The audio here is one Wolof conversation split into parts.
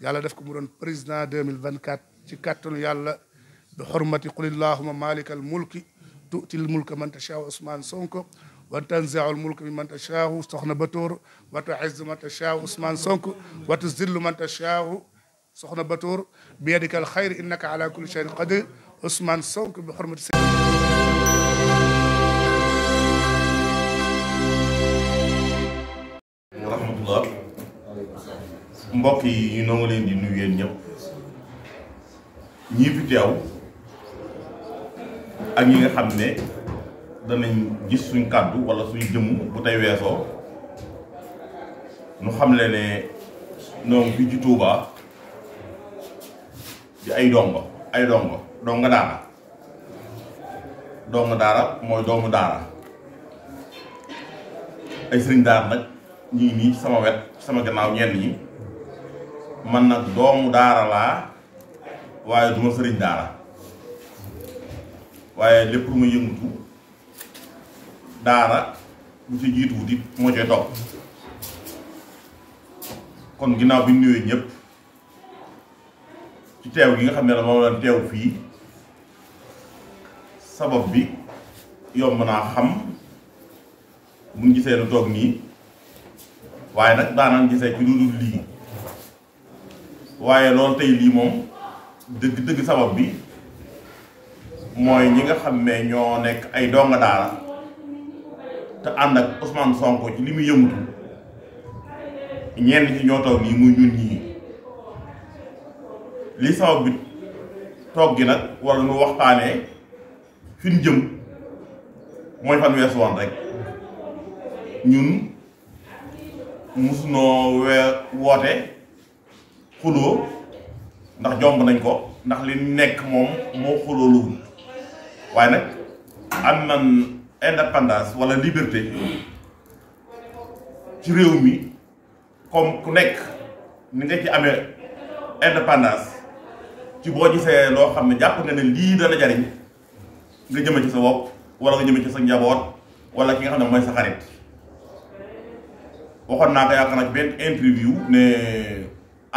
yàlla def ko mu doon président 2024 ci kàttanu yàlla bi xormati qulillahuma malikal mulki tu'til mulka man tachaahu Ousmane Sonko wa tanzi'ul mulka mimman tachaahu soxna Batoor wa tu'izzu man tachaahu Ousmane Sonko wa tuzillu man tachaahu soxna Batoor biyadikal xayr innaka ala kulli shay'in qadir Ousmane Sonko bi xormati bokk yi ñu leen di nuyu yéen ñëpp ñii fi teew ak ñi nga xam ne danañ gis suñ kàddu wala suñ jëmm bu tey weesoo nu xam le ne noo ngi fii ci Touba ay dongo ay dongo dongo daara dongo daara mooy doomu daara ay sëriñ daara nag ñii nii sama wet sama gannaaw ñenn ñi man nag doomu daara laa waaye duma sëriñ daara waaye lépp lu ma yëngutu daara bu ci jiituwut it moo cay topp kon ginnaaw bi ñu nuyoo ñëpp ci teew gi nga xam ne la moom la teew fii sabab bi yomb naa xam buñ gisee nu toog nii waaye nag daanaan gisee ci lu dul lii waaye loolu tey lii moom dëgg dëgg sabab bi mooy ñi nga xam ne ñoo nekk ay donga daara te ànd ak Ousmane Sonko ci li muy yëngutu ñenn ci ñoo toog nii muy ñun ñii li sabab bi toog gi nag wala nu waxtaanee fi ñu jëm mooy fan weesu woon rek ñun musunoo weer woote xuloo ndax jomb nañ ko ndax li nekk moom moo xuloo luwul waaye nag am na indépendance walla liberté ci réew mi comme ku nekk ni nga ci amee indépendance ci boo gisee loo xam ne jàpp nga ne lii dana jariñ nga jëme ci sa bopp wala nga jëme ci sa njaboot wala ki nga xam ne mooy sa xarit waxoon naa ko yaakaar naa benn interview ne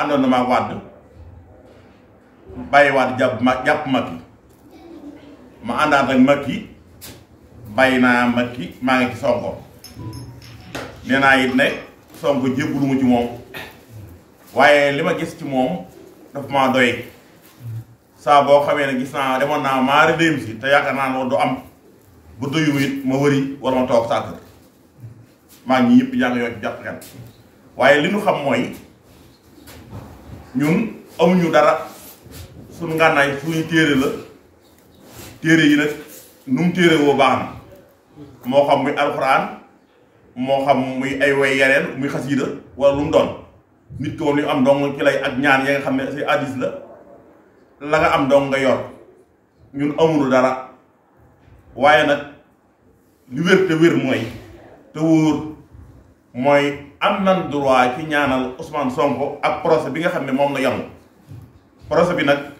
àndoon na maa wàdd bàyyi wàdd jàpp ma jàpp Macky ma àndaat ak Macky bàyyi naa Macky maa ngi ci Sonko nee it ne Sonko jébbalu mu ci moom waaye li ma gis ci moom dafa maa doy saa boo xamee ne gis naa demoon naa maari déem si te yaakaar naa loolu du am bu doyum it ma wëri wala ma toog saa kër maa ngi ñëpp yaa ngi jàpp kan waaye li ñu xam mooy ñun amuñu dara suñ ngànnaay suñu téere la téere yi nag nu mu téere woo baax na moo xam muy alxuraan moo xam muy ay way yeneen muy xasiida wala lu mu doon nit ko li am dong ci lay ak ñaan ya nga xam ne say addis la la nga am dong nga yor ñun amulu dara waaye nag li wér te wér mooy te wóor mooy am nan droit ci ñaanal Ousmane Sonko ak procès bi nga xam ne moom la yanu procès bi nag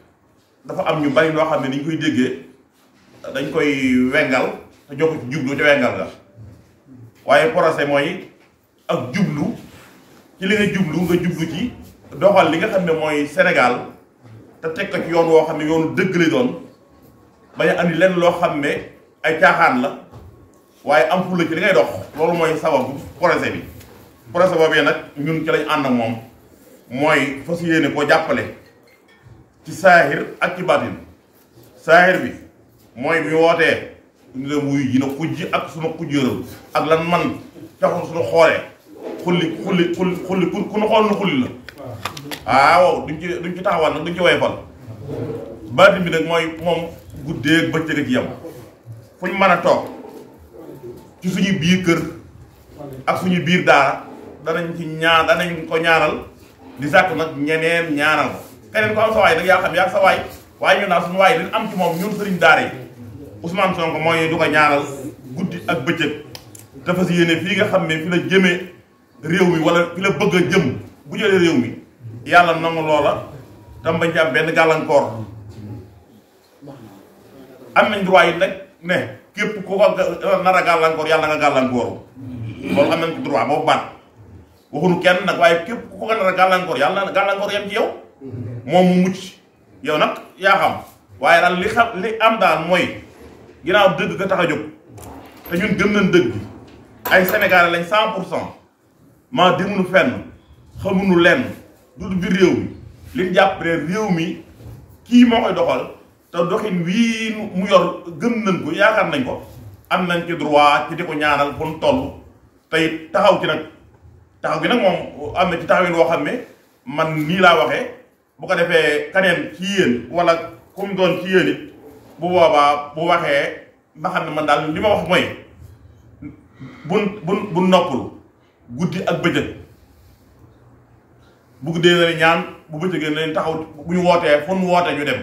dafa am ñu bari loo xam ne ni ñu koy déggee dañ koy wengal te jox ko ci jublu waaye procès mooy ak jublu ci li nga jublu nga jublu ci doxal li nga xam ne mooy Sénégal te teg ko ci yoon woo xam ne yoonu dëgg la doon bañ a andi lenn loo xam ne ay caaxaan la waaye am fulla ci li ngay dox loolu mooy sababu projet bi projet boobee nag ñun ci lañ ànd ak moom mooy fas yéene koo jàppale ci saahir ak ci baatin saahir bi mooy bi wootee ñu dem wuyu ji na kujj ak sunu kujjëram ak lan man taxul sunu xoolee xulli xulli xulli ku ku nu xool nu xulli la waaw duñ ci duñ ci taxawal nag duñ ci way fal baatin bi nag mooy moom guddeeg bëccëg ak yem ñu mën a toog ci suñu biir kër ak suñu biir daara danañ ci ñaan danañ ko ñaanal di sàkk nag ñeneen ñaanal ko keneen ko am sa waay nag yaa xam yaa sa waay waaye ñu naa suñu waay liñ am ci moom ñun sëriñ daara yi Ousmane Sonko mooy du ko ñaanal guddi ak bëccëg dafa si yéene fii nga xam ne fi la jëmee réew mi wala fi la bëgg a jëm bu jëlee réew mi yàlla nangu loola tam ci am benn gàllankoor am nañ droit yi nag ne képp ku ko nar a gàllankoor yàlla nga gàllankooru loolu am nañ ko boobu waxuñu kenn nag waaye képp ku ko nar a gàllankoor yàlla na gàllankoor yem ci yow moom mu mucc yow nag yaa xam waaye daal li xam li am daal mooy ginnaaw dëgg nga tax a jóg te ñun gëm nañ dëgg ay Sénégalais lañ cent pour cent maa demunu fenn xamunu lenn du bi réew mi liñ jàpp ne réew mi kii moo koy doxal te doxin wii mu yor gëm nañ ko yaakaar nañ ko am nañ ci droit ci di ko ñaanal fu mu toll taxaw ci nag taxaw bi nag moom am na ci taxawin woo xam ne man nii laa waxee bu ko defee kaneen ci yéen wala comme doon ci yéen it bu boobaa bu waxee ma xam ne man daal li ma wax mooy bun bun bun noppul guddi ak bëccëg bu guddee na ñaan bu bëccëgee na dañ taxaw bu ñu wootee fu ñu wootee ñu dem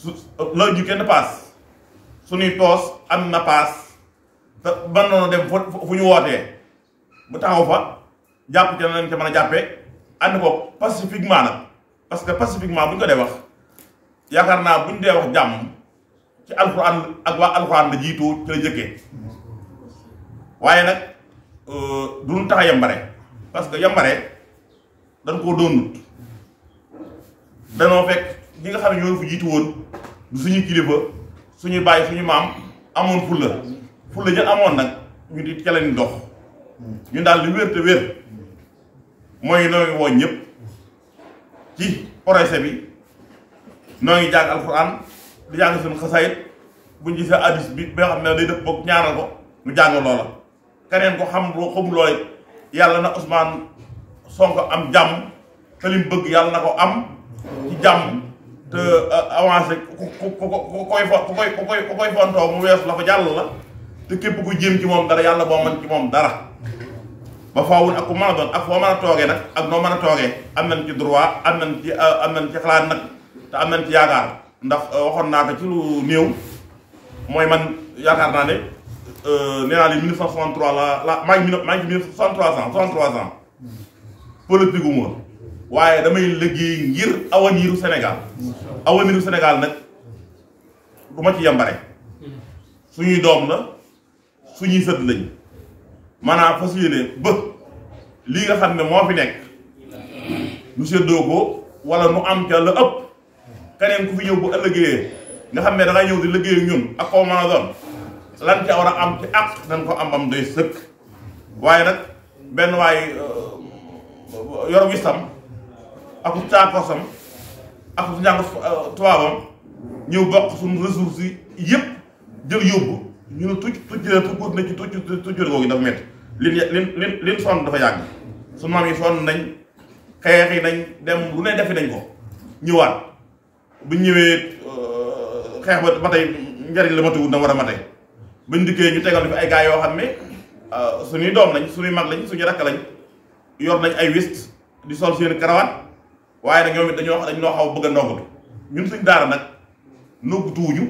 su loolu ju kenn paas suñuy toos am na paas te mën noonu dem fu ñu wootee mu taxaw fa jàpp ca nañ ca mën a jàppee ànd ko pacifiquement nag parce que pacifiquement bu ñu ko dee wax yaakaar naa bu ñu dee wax jàmm ci alxuraan ak waa alxuraan la jiitu ci la jëkkee waaye nag euh, du ñu tax yambare parce que yambare dañ koo doonut danoo fekk ñi nga xam ne fi jiitu woon du suñu kilifa suñu bàyyi suñu maam amoon fulla fulla jël amoon nag ñu di ca leen dox ñu daal li wér te wér mooy noo ngi woo ci projet bi noo ngi jàng alxuraan di jàng suñu xasaayit buñ gisee addis bi ba xam ne day def boog ñaanal ko mu jàng loola. keneen ko xam loo xamul looy yàlla na Ousmane Sonko am jàmm te lim bëgg yàlla na ko am ci jàmm te euh, avancé ku ku ku koy fo ku koy ku koy fontoo mu weesu la fa jàll la. te képp ku jéem ci moom dara yàlla boo man ci moom dara ba faawun ak ku mën a doon ak foo mën a toogee nag ak noo mën a toogee am na nañ ci droit am na ci euh, am nañ ci xalaat nag te am nañ ci yaakaar ndax euh, waxoon naa ko ci man yaakaar naa ne euh, nee naa leen 1963 la la maa ngi maa ngi 63 ans 63 ans politique gu ma waaye damay liggéey ngir awaniru Sénégal awaniru Sénégal nag du ci yambare mm-hmm. suñuy doom la. suñuy sët lañ maanaam fas yéene ba lii nga xam ne moo fi nekk ñu séddoo ko wala mu am ca la ëpp keneen ku fi ñëw bu ëllëgee nga xam ne da ñëw di liggéey ñun ak koo mën a doon lan ca war a am ci àq dañ ko am bam doy sëkk waaye nag benn waay euh, yor wisam ak caakosam ak njàng euh, tubaabam ñëw bokk suñu ressources yi yëpp jël yóbbu ñun euh, tuj tuj tuj na ci tuj tuj googu dafa métti lin lin lin lin sonn dafa yàgg su maam yi sonn nañ xeex yi nañ dem lu ne defi nañ ko ñëwaat buñ ñëwee euh, xeex ba ba tey njariñ la matuwul na war a ma tey buñ dikkee ñu tegal fi ay gars yoo xam ne euh, suñuy doom lañ suñuy mag lañ suñuy rakk lañ yor nañ ay wist di sol seen karawaat waaye nag ñoom it dañoo dañ noo xaw bëgg a ndongutu ñun suñ daara nag noggutuwuñu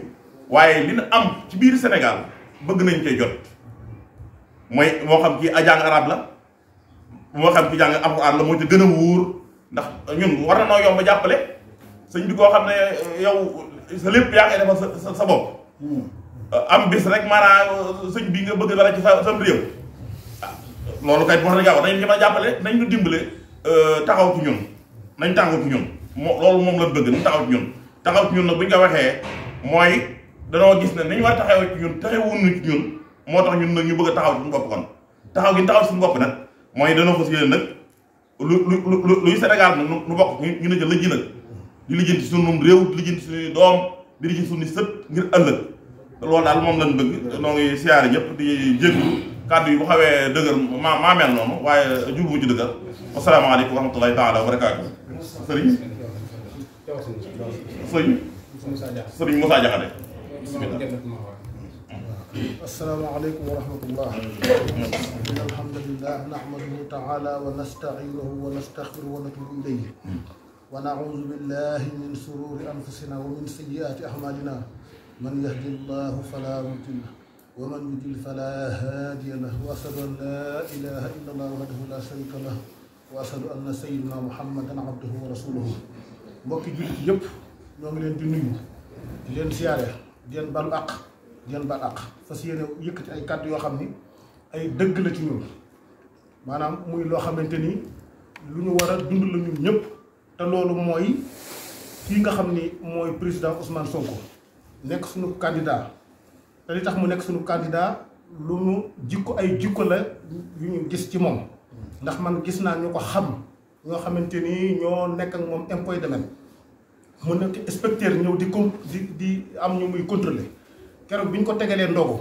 waaye li nu am ci biir Sénégal bëgg nañ cee jot mooy moo xam ci ajàng arab la moo xam ci jàng alxuraan la moo ci gën a wóor ndax ñun war na noo jàppale sëñ bi koo xam ne eh, yow sa lépp yaa ngi sa sa bopp hmm. am bis rek maanaam eh, sëñ bi nga bëgg dara ci sa sam réew ah, loolu kay wax dëgg yàlla dañu mën jàppale nañ ñu dimbale eh, taxaw ci ñun nañ taxaw ci ñun moo loolu moom lañ bëgg nañ taxaw ci ñun taxaw ñun nag bu ñu ko waxee mooy. danoo gis ne ni war taxaw ci ñun taxawuñu ci moo tax ñun nag ñu bëgg taxaw suñu bopp kon taxaw gi taxaw suñu bopp nag mooy danoo fas yéene nag lu lu lu luy Sénégal nag nu bokk ñu ne jël la ji nag di lijjanti sunum réew di lijjanti suñuy doom di lijjanti suñu sët ngir ëllëg loolu daal moom lañ bëgg noo ngi siyaare ñëpp di jéglu kàddu yi bu xawee dëgër maa maa mel noonu waaye jubbu ci dëgër wasalaamaaleykum wa rahmatulahi taala wa barakaatu sëriñ sëriñ Moussa Diakhaté bismillah asalaamaaleykum wa rahmatullah in alhamdulillah nahmaduhu taala wa nasta'inuhu wa nastaghfiruhu wa natubu ilayhi wa na'uudu billahi min sururi anfusina wa min sayyi'aati a'maalina man yahdihillahu falaa mudilla wa man yudlil falaa haadiya lahu wa ashhadu an laa ilaaha illallah wahdahu laa shariika lahu wa ashhadu anna sayyidinaa muhammadan abduhu wa rasuluhu mbokki jullit yëpp ñoo ngi leen di nuyu di leen siyaare jën balu àq deen balu àq fas yéene yëkkati ay kàddu yoo xam ni ay dëgg la ci ñun maanaam muy loo xamante ni lu ñu war a dund la ñun ñëpp te loolu mooy kii nga xam ni mooy président Ousmane Sonko nekk suñu candidat te li tax mu nekk suñu candidat lu mu jikko ay jikko la yu ñu gis ci moom ndax man gis naa ñu ko xam ñoo xamante ni ñoo nekk ak moom impôt domaine mën mu nekk inspecteur ñëw di con di di am ñu muy contrôler keroog bi ñu ko tegalee ndogu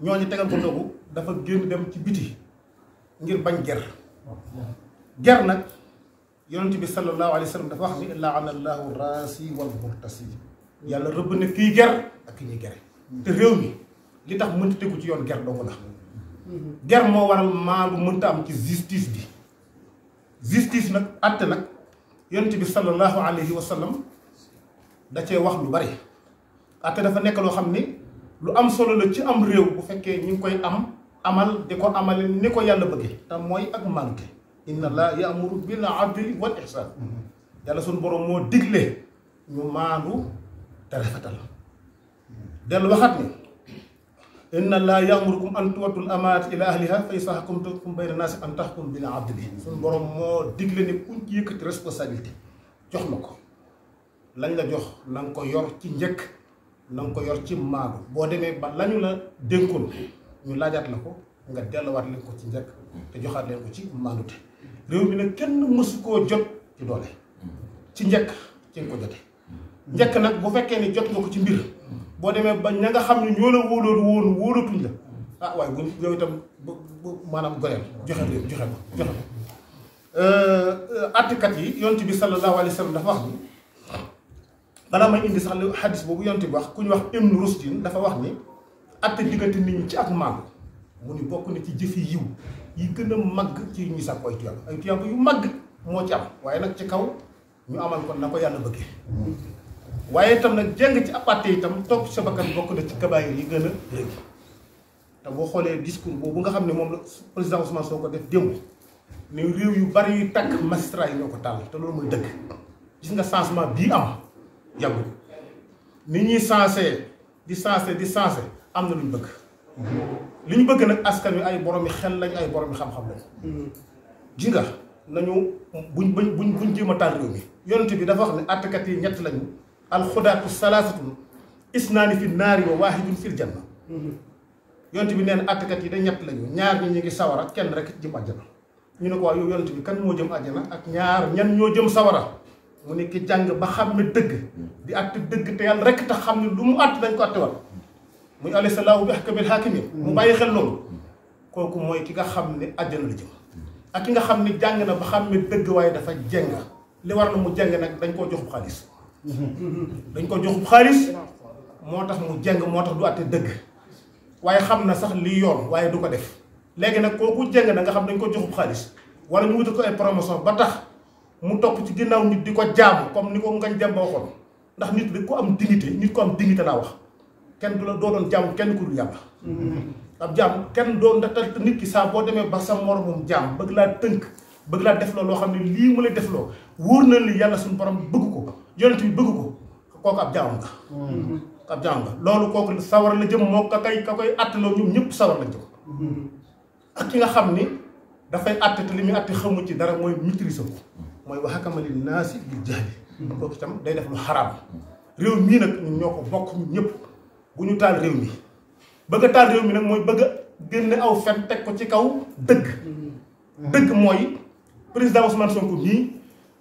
ñoo ñu tegal ko ndogu dafa génn dem ci biti ngir bañ ger ger nag yonent bi sallallahu alayhi wa sallam dafa wax ni la'ana allahu raasi wal murtasi yàlla rëbb ne kii ger ak ki ñuy gere te réew mi li tax mënta tegu ci yoon ger dong la ger moo waral maandu mënta am ci justice bi justice nag àtte nag yonent bi sallallahu alayhi wa sallam da cee wax lu bari ate dafa nekk loo xam ni lu am solo la ci am réew bu fekkee ñu koy am amal di ko amale ni ko yàlla bëggee te mooy ak mànke inna laa yaamuru bil adli wal ihsan yàlla suñu borom moo digle ñu maandu te rafetal dellu waxat ni inna laa yamurukum an tuwaddul amaanati ila ahliha fa izaa hakamtum bayna naasi an tahkumu bil adli suñu borom moo digle ne kuñ ci yëkkati responsabilité jox ma ko lañ la jox na ko yor ci njëkk na ko yor ci maandu boo demee ba lañu la dénkoon ñu laajaat la ko nga delluwaat leen ko ci njëkk te joxaat leen ko ci maandute réew mi nag kenn mësu koo jot ci doole ci njëkk ci nga ko jote njëkk nag bu fekkee ni jot nga ko ci mbir boo demee ba ña nga xam ne ñoo la wóoloon wóolu wóolatuñ la ah waaye bu yow itam bu bu maanaam goreel joxe ko joxe ko joxe ko euh, euh, attikat yi yonti bi sallallahu alayhi wa sallam dafa wax ni balaa may indi sax li xadis boobu yonti bi wax ku ñu wax Ibn Rushdin dafa wax ni atte diggante nit ñi ci ak màgg mu ni bokk na ci jëfi yiw yi gën a màgg ci ñuy sàkku ay tuyaaba ay tuyaaba yu màgg moo ci am waaye nag ci kaw ñu amal kon na ko yàlla bëggee waaye itam nag jàng ci aparté itam topp sa bakkan bokk na ci kabaayir yi gën a léegi te boo xoolee discours boobu nga xam ne moom la président Ousmane soo ko def démb ne réew yu bari yu takk magistrat yi ñoo ko tàll te loolu mooy dëgg gis nga changement bii am yàggul ni ñuy sensé di sensé di sensé am na luñ bëgg li ñu bëgg nag askan wi ay borom yi xel lañ ay borom boromi xam-xam lañ ji nga nañu buñ buñ buñ buñ jéem a taal réew mi yonent bi dafa wax ne àttekat yi ñett lañu alxudaatu salaasatun isnaani fi naari wa waahidun fil janna yonent bi neen àttekat yi da ñett lañu ñaar ñi ñu ngi sawara kenn rek jëm àjjana ñu ne ko waaw yow yonent bi kan moo jëm àjjana ak ñaar ñan ñoo jëm sawara mu nekk jàng ba xam ne dëgg di àtte dëgg te yàlla rek tax xam ne lu mu àtte dañ ko àttewal muy alayhi salaahu bi ahkamil hakimin mu bàyyi xel loolu kooku mooy ki nga xam ne àjjana la jëm ak ki nga xam ne jàng na ba xam ne dëgg waaye dafa jeng li war na mu jeng nag dañ koo jox bu xaalis dañ ko joxub xaalis moo tax mu jeng moo tax du àtte dëgg waaye xam na sax li yoon waaye du ko def léegi nag kooku jeng na nga xam dañ ko joxub xaalis wala ñu wutal ko ay promotion ba tax mu topp ci ginnaaw nit di ko jaamu comme ni ko ngañ jàmba waxoon ndax nit da ko am dignité nit ko am laa wax kenn du la doo doon kenn ku dul yàlla mm-hmm. ab jaam kenn doon ndax nit ki saa boo demee ba sa moromum jaam bëgg laa tënk bëgg laa defloo loo xam ne lii mu lay def loo wóor na ni yàlla suñu borom bëgg ko yonent bi bëgg ko kooku ab jaam nga mm-hmm. ab jaam nga loolu kooku sawar la jëm moo ka koy ka koy ñëpp sawar la jëm mm-hmm. ki nga xam ni dafay atte te li muy atte ci dara mooy maîtrise mooy wax akamali naasi bil jahli mm-hmm. day def lu xaraam réew mii nag ñoo ko bokk ñun ñëpp bu ñu taal réew mi bëgg a taal réew mi nag mooy bëgg a aw fen teg ko ci kaw dëgg dëgg mooy président Ousmane Sonko nii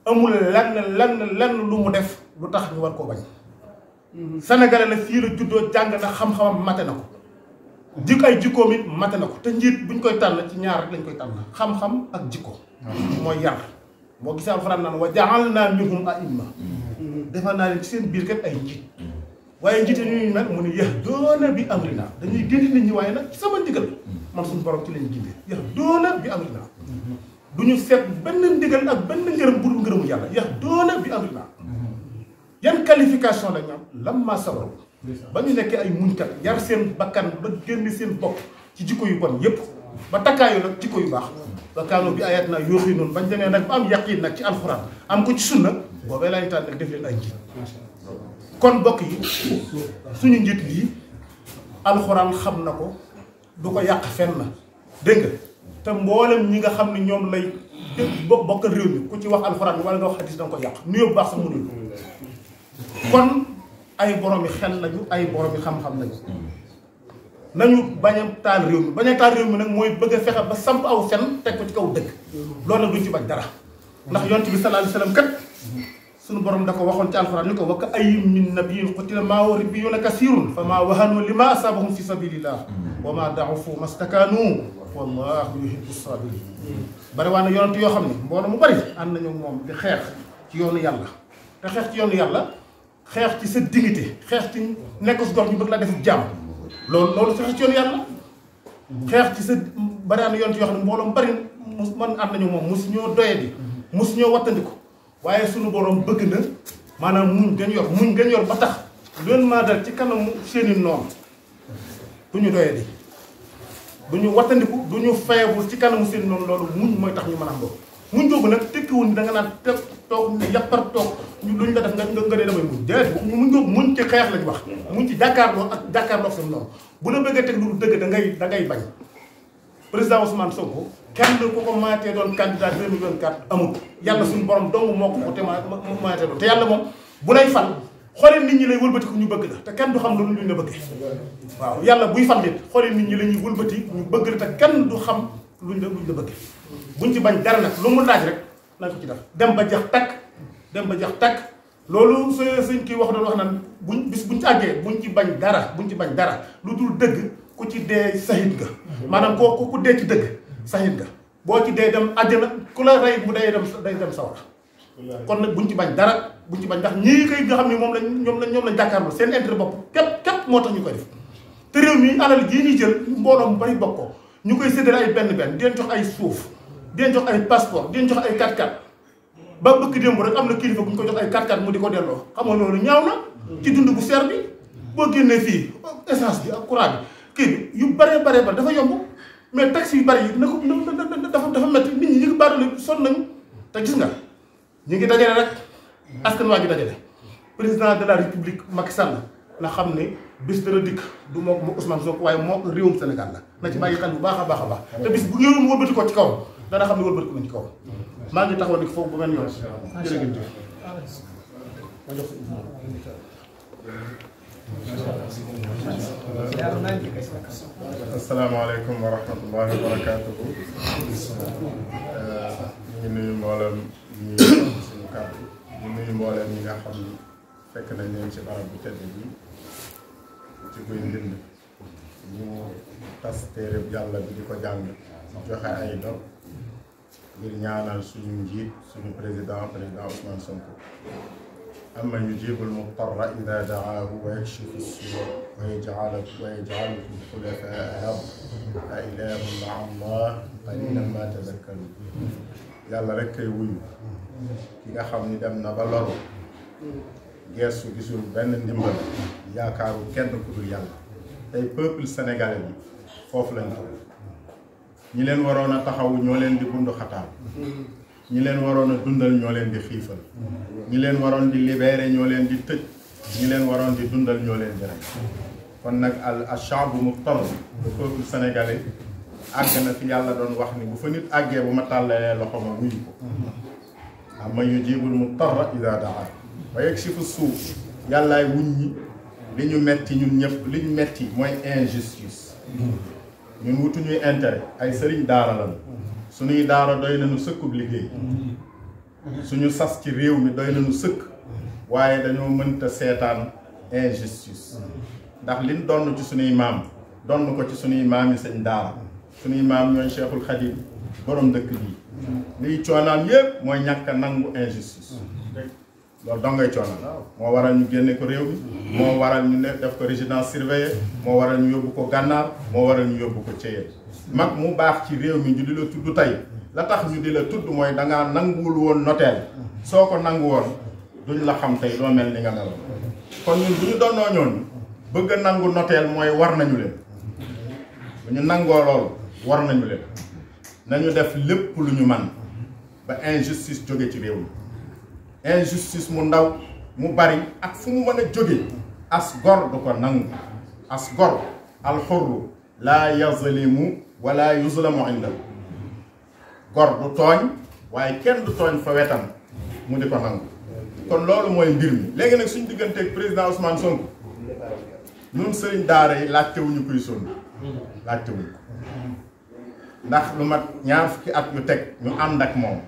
amul lenn lenn lenn lu mu def lu tax ñu war koo bañ. Mhm. Sénégalais la fii la juddoo jàng na xam mate na ko. jik ay jikkoom it mate na ko te njiit buñ koy tànn ci ñaar lañ koy tànn xam-xam ak jikko. Mhm. mooy yar boo gisee alxuraan naan wa ja'alnaa minhum a'imma. Mhm. defal naa leen ci seen biir kat ay njiit. waaye njiit yi ñuy nag mu ne yahduuna bi amrinaa dañuy gindi nit ñi waaye nag ci sama ndigal man suñu borom ci lañ gindi yahduuna bi amrinaa du ñu seet benn ndigal ak benn ngërëm bu dul ngërëmu yàlla yax doona bi amri naa yan qualification la ñu am lam maa sabaru ba ñu nekkee ay muñkat yar seen bakkan ba génn seen bopp ci jikko yu bon yépp ba takkaayu nag jikko yu baax ba kaanoo bi ayat naa yooxi noonu bañ demee nag ba am yaqiin nag ci alxuraan am ko ci sunna boobee laay taal nag def leen ay njiit kon bokk yi suñu njiit lii alxuraan xam na ko du ko yàq fenn dégg nga te mboolem ñi nga xam ni ñoom lay bokk bokkal réew mi ku ci wax alxuraan wala nga wax xadis danga ko yàq nuyoo bu baax sax mënul kon ay yi xel lañu ay boromi xam-xam lañu nañu bañ a taal réew mi bañ a taal réew mi nag mooy bëgg a fexe ba samp aw fen teg ko ci kaw dëkk loolu nag duñ ci bañ dara ndax yonent bi sallallahu alayhi suñu borom da ko waxoon ci alxuraan ni ko wa ka ayyin min nabiyyin qutila ma'ahu ribbiyuuna kasiirun fa maa wahanuu limaa asaabahum fi sabiilillah wa maa da'ufuu mastakaanuu wallaahu yuhibbu saabiriin bari waa ne yonent yoo xam ne mbooloo mu bari ànd nañu moom xeex ci yoonu yàlla te xeex ci yoonu yàlla xeex ci sa dignité xeex ci nekk su dox ñu bëgg laa def jàmm loolu loolu xeex ci ci sa bari waa yoo xam ne mbooloo mu bari mu man ànd nañu moom mosu ñoo doye bi mosu ñoo wattandiku waaye sunu borom bëgg na maanaam muñ gën yor muñ gën yor ba tax leen maa dal ci kanamu seeni noonu du ñu doyadi bu ñu wattandiku du ñu fayabul ci kanamu seeni noonu loolu muñ mooy tax ñu mën a am loolu muñ boobu nag tekkiwul da nga naan te toog yàppar toog luñ la def nga nga dee damay muñ déedéet muñ boobu muñ ci xeex lañ wax muñ ci jàkkaarloo ak jàkkaarloo ak seen noonu bu la bëggee teg lu dëgg da ngay da ngay bañ président Ousmane Sonko kenn ku ko maatee doon candidat 2024 suñu borom dong moo ko ko te maatee doon te yàlla lay fal xoolee ku ñu bëgg la te kenn du xam loolu lu ñu la bëggee waaw yàlla buy fal nit xoolee nit ñi la ñuy wëlbati ñu bëgg la te kenn du xam luñ la luñ la bëggee buñ bañ dara nag lu mu laaj rek nañ ko ci dem ba jax takk dem ba jax takk loolu sa suñ kii wax doon wax naan buñ bis buñ ci àggee buñ ci bañ dara buñ ci bañ dara lu dul dëgg ku ci dee sahid nga maanaam koo ku dee ci dëgg sahid nga boo ci dee dem àjjana ku la rey bu dem day dem sawar kon nag buñ ci bañ dara buñ ci bañ ndax ñii koy nga xam ne moom lañ ñoom lañ ñoom lañ jàkkaarloo seen intérêt bopp képp képp moo ñuy jël mbooloo mu bari bokkoo ñu koy séddale ay benn benn di jox ay suuf di leen jox ay passeport di leen jox ay 4 x ba bëgg démb rek am na kilifa ku ñu ko jox ay 4 x mu di ko delloo xam nga loolu ñaaw na ci dund bu seer bi boo génnee fii essence bi ak courant kii yu bëree bëree bëri dafa yomb mais taxi yu bëri yi na ko dafa dafa métti nit ñi ñu ngi baadoole sonn nañu te gis nga ñu ngi dajale rek askan waa ngi dajale président de la république Macky Sall xam ne bis dana dikk du moo mu Ousmane Sonko waaye moo réewum Sénégal la na ci bàyyi xel bu baax a baax a baax te bis bu ngeen wëlbati ko ci kaw dana xam ne wëlbati ko nañ ci kaw maa ngi taxaw ni foofu ba ngeen yoon asalaamaaleykum wa rahmatullahi wa barakaatuhu ñu ngi nuyu mboolem ñi suñu kàddu ñu nuyu mboolem ñi nga xam ni fekk nañ leen ci barab bu tedd bi ci guy mbind ñu tas téere yàlla bi di ko jàng joxe ay do ngir ñaanal suñu njiit suñu président président Ousmane Sonko amma yujibu al-mudtarra idaa da'aahu wa yakshifu as-suu' wa yaj'alukum wa yaj'alukum xulafaa'a al-ard a ilaahun ma'a Allaah qaliilan maa yàlla rek kay wuyu ki nga xam ni dem na ba loru geesu gisul benn ndimbal yaakaaru kenn ku yàlla tey peuple sénégalais bi foofu lañ ñi leen waroon a taxawu ñoo leen di bundu ñi leen waroon a dundal ñoo leen di xiifal ñi leen waroon di libérer ñoo leen di tëj ñi leen waroon di dundal ñoo leen di rey kon nag al achabu muftar le peuple sénégalais àgg na fi yàlla doon wax ni bu fa nit àggee bu ma tàllalee loxo ma wuyu ko am man yujibul muftarra ida daa wa yakshifu suuf yàllaay wuñ ñi li ñu metti ñun ñëpp li ñu metti mooy injustice ñun wutuñuy intérêt ay sëriñ daara lañu suñuy daara doy nañu sëkkub liggéey mm-hmm. suñu sas ci réew mi doy nañu sëkk mm-hmm. waaye dañoo mënta seetaan injustice mm-hmm. ndax liñ donn ci suñuy maam donn ko ci suñuy maam yi sëñ daara suñuy maam ñooy Cheikhul Khadim borom dëkk bii liy coonaam yépp mooy ñàkk a nangu injustice loolu dongay coonaan moo waral ñu génne ko réew mi moo waral ñu def ko résidence surveillée moo waral ñu yóbbu ko gànnaar moo waral ñu yóbbu ko Thièyène mag mu baax ci réew mi ñu di la tudd tey la tax ñu di la tudd mooy dangaa nanguwul woon noteel soo ko nangu woon duñ la xam tey doo mel ni nga mel kon ñun bu ñu donnoo bëgg a nangu noteel mooy war nañu leen bu ñu nangoo lool war nañu leen nañu def lépp lu ñu man ba injustice jóge ci réew mi injustice mu ndaw mu bari ak fu mu mën a jóge as gor du ko nangu as gor alxurru laa yazlimu wala yuzlamu indahu gor du tooñ waaye kenn du tooñ fa wetam mu di ko nangu kon loolu mooy mbir mi léegi nag suñ digganteeg président Ousmane Sonko ñun sëriñ daara yi laajte wuñu kuy sonn laajte wuñu ndax lu mag ñaar fukki at yu teg ñu ànd ak moom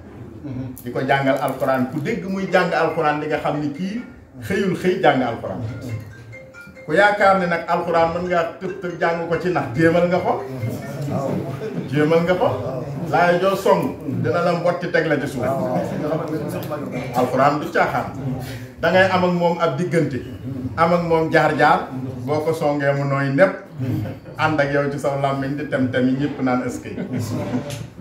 di ko jàngal alxuraan ku dégg muy jàng alxuraan di nga xam ni kii xëyul xëy jàng alxuraan ku yaakaar ne nag alxuraan mën ngaa tëb tëb jàng ko ci nax jéemal nga ko jéemal nga ko laay joo song dina la mbotti teg la suuf alxuraan du caaxaan da ngay am moom ab diggante am ak moom jaar-jaar boo ko songee mu nooy nepp ànd ak yow ci saw làmmiñ di tem tem yi ñëpp naan ëskay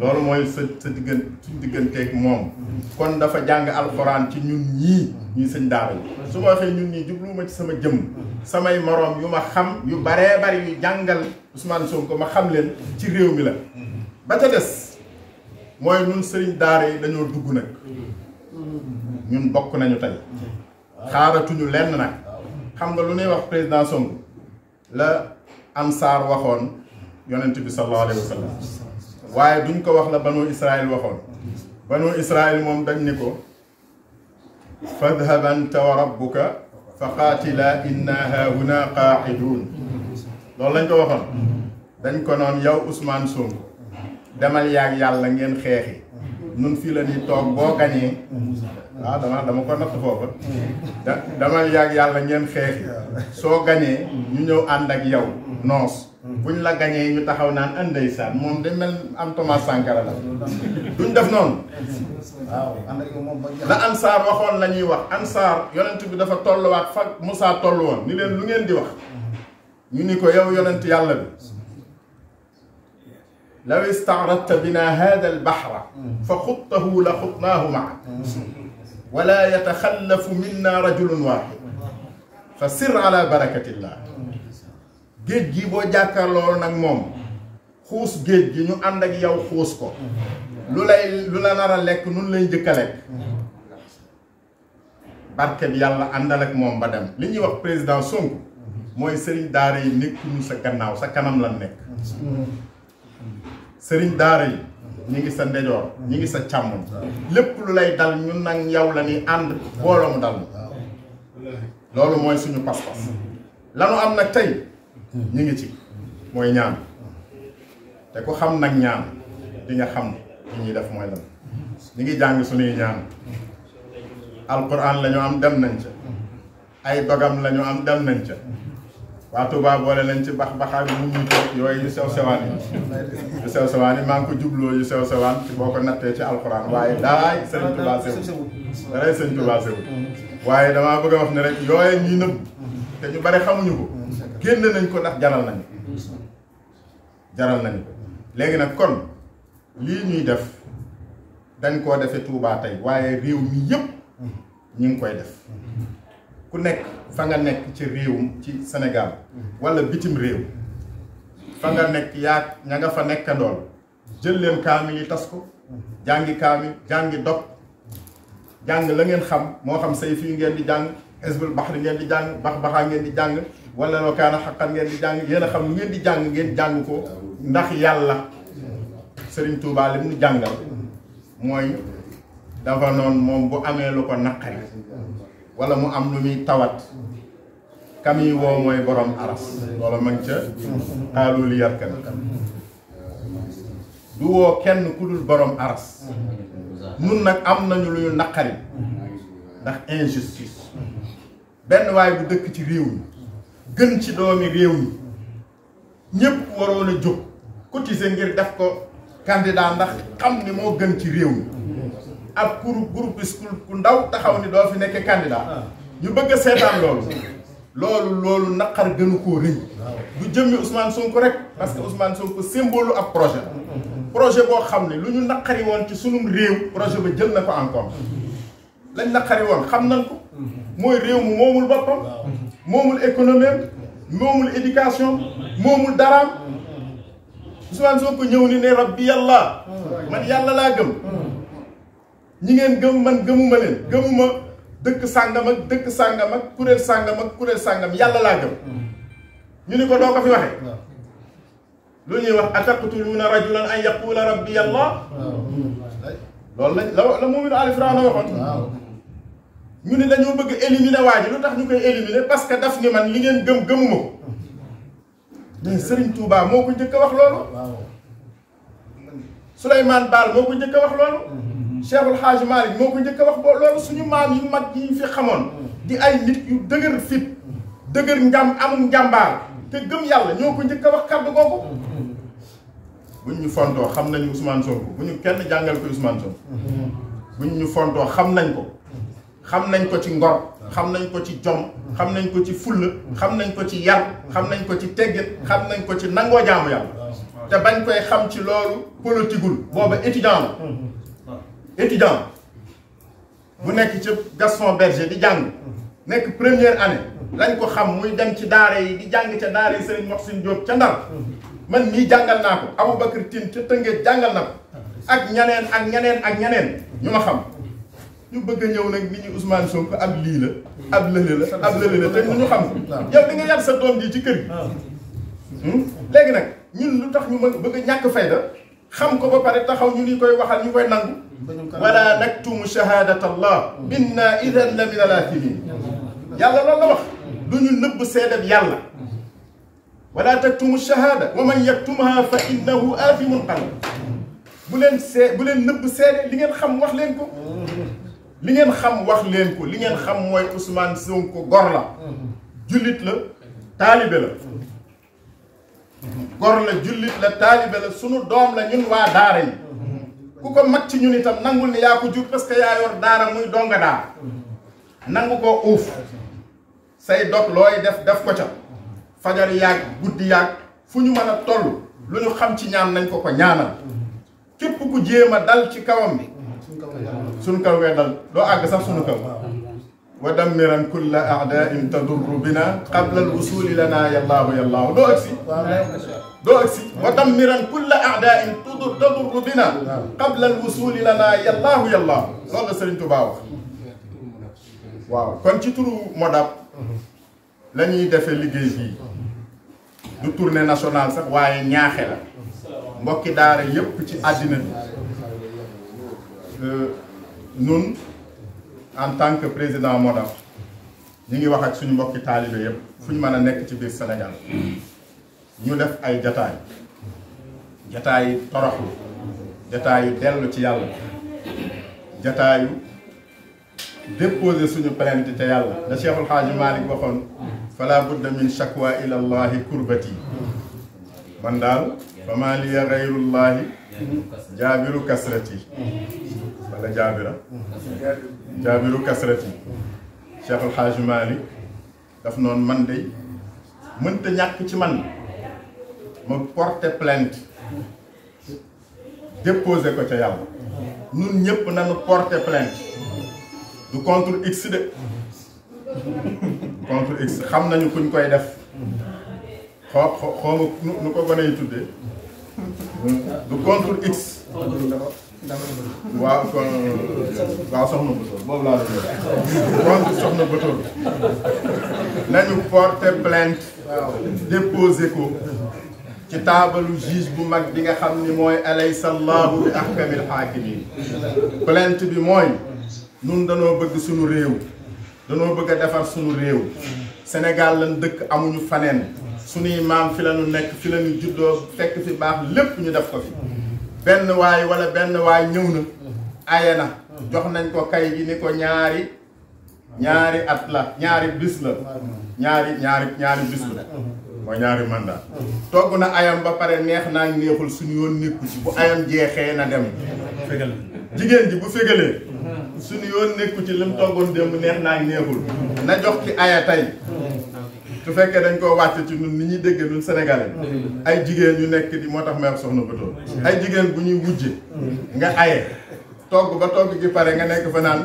loolu mooy sa sa diggan suñ digganteeg moom kon dafa jàng alxuraan ci ñun ñii ñuy sëñ daara yi su ko waxee ñun ñii jubluwuma ci sama jëmm samay moroom yu ma xam yu baree bari yu jàngal Ousmane Sonko ma xam leen ci réew mi la ba ca des mooy ñun sëriñ daara yi dañoo dugg nag ñun bokk nañu tey xaaratuñu lenn nag xam nga lu ñuy wax président Sonko la ansaar waxoon yonent bi sallallahu alayhi wa sallam ko wax la banu Israël waxoon banu Israël moom dañ ni ko fadhab anta wa rabbuka fa qaatila inna haahuna qaaciduun loolu lañ ko waxoon dañ ko noon yow Ousmane Sonko demal yaag yàlla ngeen xeexi nun fii la ñuy toog boo gañee waaw ah, dama dama ko natt foofa da dama yàgg yàlla ngeen xeexi soo gañee ñu ñëw ànd ak yow noos buñ la gañee ñu taxaw naan anday ah, saan moom de mel am Thomas Sankara la duñ def noonu waaw la ansaar waxoon la ñuy wax ansaar yonent bi dafa tolluwaat fa musaa tollu woon ni leen lu ngeen di wax ñu ni ko yow yonent yàlla bi law istaaradta bina hada al fa xuttahu la xutnaahu wala yataxallafu minna rajulun waaxid fa sir ala barakatillah géej gi boo jàkkaarloo nag moom xuus géej gi ñu ànd ak yow xuus ko lu lay lu la nar a lekk nun lay njëkk a lekk barke bi yàlla àndal ak moom ba dem li ñuy wax président Sonko mooy sëriñ daara yi nekkuñu sa gannaaw sa kanam lan nekk sëriñ daara yi ñi ngi sa ndejoor ñi ngi sa càmmoñ lépp lu lay dal ñun nag yow la ni ànd booloo mu dal loolu mooy suñu pas-pas lanu am nag tey ñi ngi ci mooy ñaan te ku xam nag ñaan di nga xam li ñuy def mooy lan ñi ngi jàng suñuy ñaan alquran la ñu am dem nañ ca ay dogam la ñu am dem nañ ca waa Touba boole nañ ci bax baxaa bi mu ñu toog yooyu sew sewaan yi maa ngi ko jubloo yu sew sewaan ci boo ko nattee ci alxuraan waaye daay sëñ Touba sewut daray sëñ Touba sewut waaye damaa bëgg wax ne rek yooyu ñuy nëbb te ñu bari ñu ko génn nañ ko ndax jaral nañ jaral nañ ko léegi nag kon lii ñuy def dañ koo defe Touba tey waaye réew mi yëpp ñu ngi koy def ku nekk fa nga nekk ci réewum ci Sénégal wala bitim réew fa nga nekk yaa ña nga fa nekkandool jël leen kaani yi tas ko jàngi kaani jàngi dog jàng la ngeen xam moo xam say fii ngeen di jàng Hizbul Bahri ngeen di jàng bax baxaa ngeen di jàng wala loo kaana xaqan ngeen di jàng yéen a xam nu ngeen di jàng ngeen jàng ko ndax yàlla Serigne Touba li mu jàngal mooy dafa noonu moom bu amee lu ko naqari wala mu am lu muy tawat kam yi woo mooy boroom aras loola ma ngi ca xaalul yarkan du woo kenn ku dul borom aras nun nag am nañu lu ñu naqari ndax injustice benn waay bu dëkk ci réew mi gën ci doomi réew mi ñépp waroon a jóg cotiser ngir def ko candidat ndax xam ni moo gën ci réew mi ab groupe groupe ku ndaw taxaw ni doo fi nekk candidat ah. ñu bëgg a seetaan loolu loolu loolu naqar gënu koo rëy du jëmmi Ousmane Sonko rek parce que mm-hmm. Ousmane Sonko symbole ab projet mm-hmm. projet boo xam ne lu ñu naqari woon ci sunum réew projet ba jël na ko en compte mm-hmm. lañ naqari woon xam nañ ko mooy réew mu moomul boppam moomul économie moomul éducation moomul daraam Ousmane Sonko ñëw ni ne rabbi yàlla man yàlla laa gëm ñi ngeen gëm man gëmuma leen gëmuma dëkk sàngam ak dëkk sàngam ak kuréel sàngam ak kuréel sàngam yàlla laa gëm mm. ñu ni ko doo ko fi waxee lu ñuy wax ataqtuluuna rajulan an yaqula rabbi allah loolu lañ la la mu'minu ali firawna waxoon ñu ni dañoo bëgg éliminer waa ji lu tax ñu koy éliminer parce que daf ni man li ngeen gëm gëmuma ko mais Serigne Touba moo ko njëkk a wax loolu Souleymane Baal moo ko njëkk a wax loolu mm. Cheikhul Hadj Malick moo ko njëkk a wax boo loolu suñu maam yu mag yi fi xamoon di ay nit yu dëgër fit dëgër ngam amul njàmbaar te gëm yàlla ñoo ko njëkk a wax kàddu googu buñ ñu fontoo xam nañu Ousmane Sonko bu ñu kenn jàngal ko Ousmane Sonko buñ ñu fontoo xam nañ ko xam nañ ko ci ngor xam nañ ko ci jom xam nañ ko ci fulla xam nañ ko ci yar xam nañ ko ci teggit xam nañ ko ci nangoo jaamu yàlla te bañ koy xam ci loolu politigul booba étudiant étudiant bu nekk ci Gaston Berger di jàng nekk première année lañ ko xam muy dem ci daara yi di jàng ca daara yi Serigne Moxsin Diop ca Ndar man mii jàngal naa ko Aboubacar Tine ca Tëngéej jàngal na ko ak ñeneen ak ñaneen ak ñeneen ñu ma xam ñu bëgg a ñëw nag ni ñu Ousmane Sonko ab lii la ab lële la ab lële la te ñu xam yow di nga yar sa doom ji ci kër gi hmm? léegi nag ñun lu tax ñu mën bëgg a ñàkk la xam ko ba pare taxaw ñu ni koy waxal ñu koy nangu wala naktumu shahadat allah inna idan la min al aathimin yàlla loolu la wax du ñu nëbb seedeb yàlla wala taktumu shahada wa man yaktumha fa innahu aathimun qalb bu leen see bu leen nëbb seede li ngeen xam wax leen ko li ngeen xam wax leen ko li ngeen xam mooy Ousmane Sonko gor la jullit la taalibe la gor la jullit la taalibe la sunu doom la ñun waa daara yi ku ko mag ci ñun itam nangul ni yaa ko jur parce que yaa yor daara muy donga daara nangu ko uuf say dog looy def def ko ca fajar yàgg guddi yàgg fu ñu mën a toll lu ñu xam ci ñaan nañ ko ko ñaanal képp ku jéem a dal ci kawam bi suñ kaw wee dal doo àgg sax suñu kaw wa dammiran kulla aadain tadurru bina qabla al wusuli lana yallaahu yallaahu doo agsi wa dammiran kulla aadain tudur bina qabla al wusuli lana yallaahu yallaahu loolu la Sëriñ Tuubaa wax waaw kon ci turu Modab la ñuy defee liggéey bii du tournée nationale sax waaye ñaaxe mbokki daara yépp ci àddina euh, nun en tant que président Modaf ñu ngi wax ak suñu mbokki taalibe yëpp fu ñu mën a nekk ci biir Sénégal ñu def ay jataay jataayu toroxlu jataayu dellu ci yàlla jataayu déposer suñu plainte te yàlla da Cheikhul Xaaji Malick waxoon fala budda min shakwa ila kurbati man daal fa maa liya gayrullahi jaabiru kasrati wala jaabira jaabiru kasrati cheikhul xaaji maalik daf noonu man de mënta ñàkk ci man ma porter plainte déposer ko ca yàlla nun ñëpp nañu porter plainte du contre x de contre x xam nañu kuñ koy def xoo xoo ma nu ko gën a tuddee du contre x waaw kon waaw soxna Bousso boobu laa doon kon soxna Bousso nañu porter plainte déposer ko ci taabalu juge bu mag bi nga xam ni mooy alaysa allahu bi ahkamil xaakimin plainte bi mooy nun danoo bëgg suñu réew danoo bëgg defar suñu réew senegal lan dëkk amuñu faneen suñuy maam fi lañu nekk fi lañu juddoo fekk fi baax lépp ñu def ko fi benn waay wala benn waay ñëw na aye na jox nañ ko kay gi ni ko ñaari ñaari at la ñaari bis la ñaari ñaari ñaari bis la mooy ñaari mandat togg na ayam ba pare neex naa neexul suñu yoon nekku ci bu ayam jeexee na dem jigéen ji bu fégalee suñu yoon nekku ci li mu toggoon démb neex naa neexul na jox ci aya tey su fekkee dañ koo wàcc ci ñun ni ñuy dégg ñun sénégalais mm-hmm. ay jigéen yu nekk di moo tax may wax soxna Bator mm-hmm. ay jigéen bu ñuy wujje mm-hmm. nga aye togg ba togg gi pare nga nekk fa naan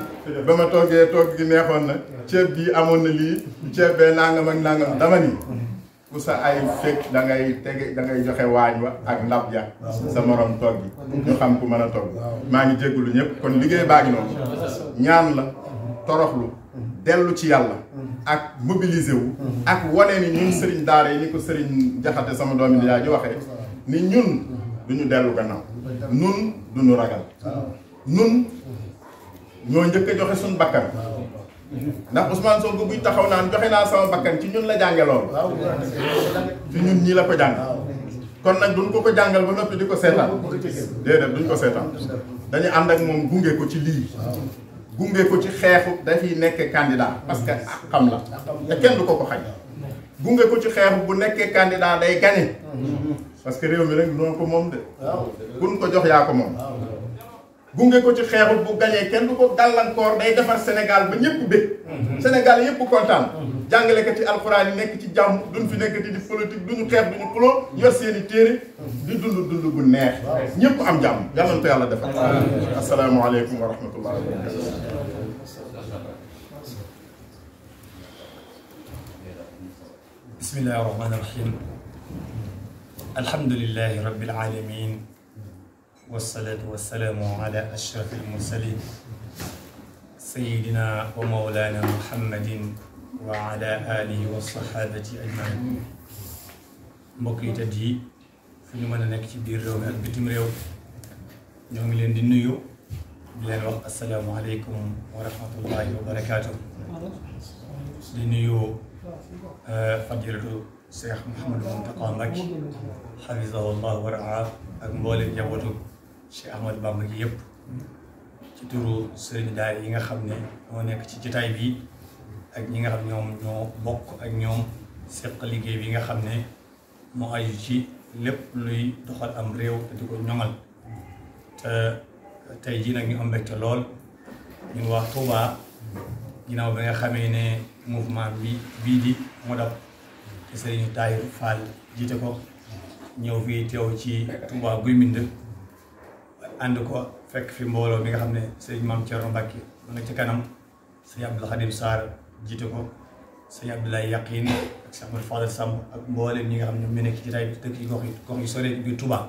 ba ma toggee togg gi neexoon na ceeb bii amoon na lii ceeb bee nangam ak nangam dama nii ku sa ay fekk dangay ngay tege da joxe waañ wa ak ndab ya sa morom togg ñu xam ku mën a togg maa ngi jéggulu ñëpp kon liggéey baa ngi noonu ñaan la toroxlu dellu ci yàlla mm-hmm. ak mobiliser wu mm-hmm. ak wane ni ñun sëriñ daara yi ni ko sëriñ jaxate sama doomi di ah, yaa ji waxee ni ñun mm-hmm. duñu dellu gannaaw nun duñu ragal ah. nun ñoo njëkk a joxe suñu bakkan ah, ndax Ousmane Sonko buy taxaw naan joxe naa sama bakkan ci ñun la jànge lool ci ñun ñii la ko jàng kon nag duñ ko ko jàngal ba noppi di ko seetaan déedéet duñ ko seetaan dañu ànd ak moom gunge ko ci lii gunge ko ci xeexu dafiy nekk candidat parce ak xam la te kenn du ko ko xañ gunge ko ci xeexu bu nekkee candidat day gañe mm-hmm. parce que réew mi rek doon ko moom de kun ko jox yaa ko moom gunge ko ci xeexut bu gañee kenn du ko gàllankoor day defar Sénégal ba ñëpp bég mhm. Sénégal yëpp kontaan mhm. jàngale ko ci alxuraan yi nekk ci jàmm duñ fi nekk di politique duñu xeex duñu xuloo yor seen i téere mhm. di dund dund bu neex ñëpp am jàmm yàlla na ko yàlla defal asalaamaaleykum bismillahi rahmaani rahim alhamdulilahi rabbil wasalaatu wasalaamu ala ashraf almursalin sayidina wa maulana muhammadin wa ala alihi wa sahabati ajmain mbokk yi tëdd yi fu ñu mën a nekk ci biir réew mi ak bitim réew ñoo ngi leen di nuyu di leen wax asalaamualeykum wa rahmatullahi wa barakaatu di nuyu euh, fadilatu Cheikh Mouhamadou Mountakha Mbacké xafizahu llah wa raa ak mboolem njabootu Cheikh Ahmadou Bamba gi yëpp ci turu sëriñ daara yi nga xam ne ñoo nekk ci jataay bi ak ñi nga xam ñoom ñoo bokk ak ñoom seq liggéey bi nga xam ne moo aju ci lépp luy doxal am réew te di ko ñoŋal te tey jii nag ñu am mbégte lool ñu wax Touba ginnaaw bi nga xamee ne mouvement bi bii di moo dab te sëriñ Tahirou Fall jiite ko ñëw fii teew ci Touba Guy Mbind ànd ko fekk fi mbooloo mi nga xam ne sëriñ Maam Thierno Mbacke ma nga ci kanam sëriñ Abdou Khadim Sarr jiite ko sëriñ Abdoulaye Yaqin ak sëriñ Ahmadou Fadal Samb ak mbooleem ñi nga xam ne mu nekk ci jotaay bi dëkk yi gox yi gox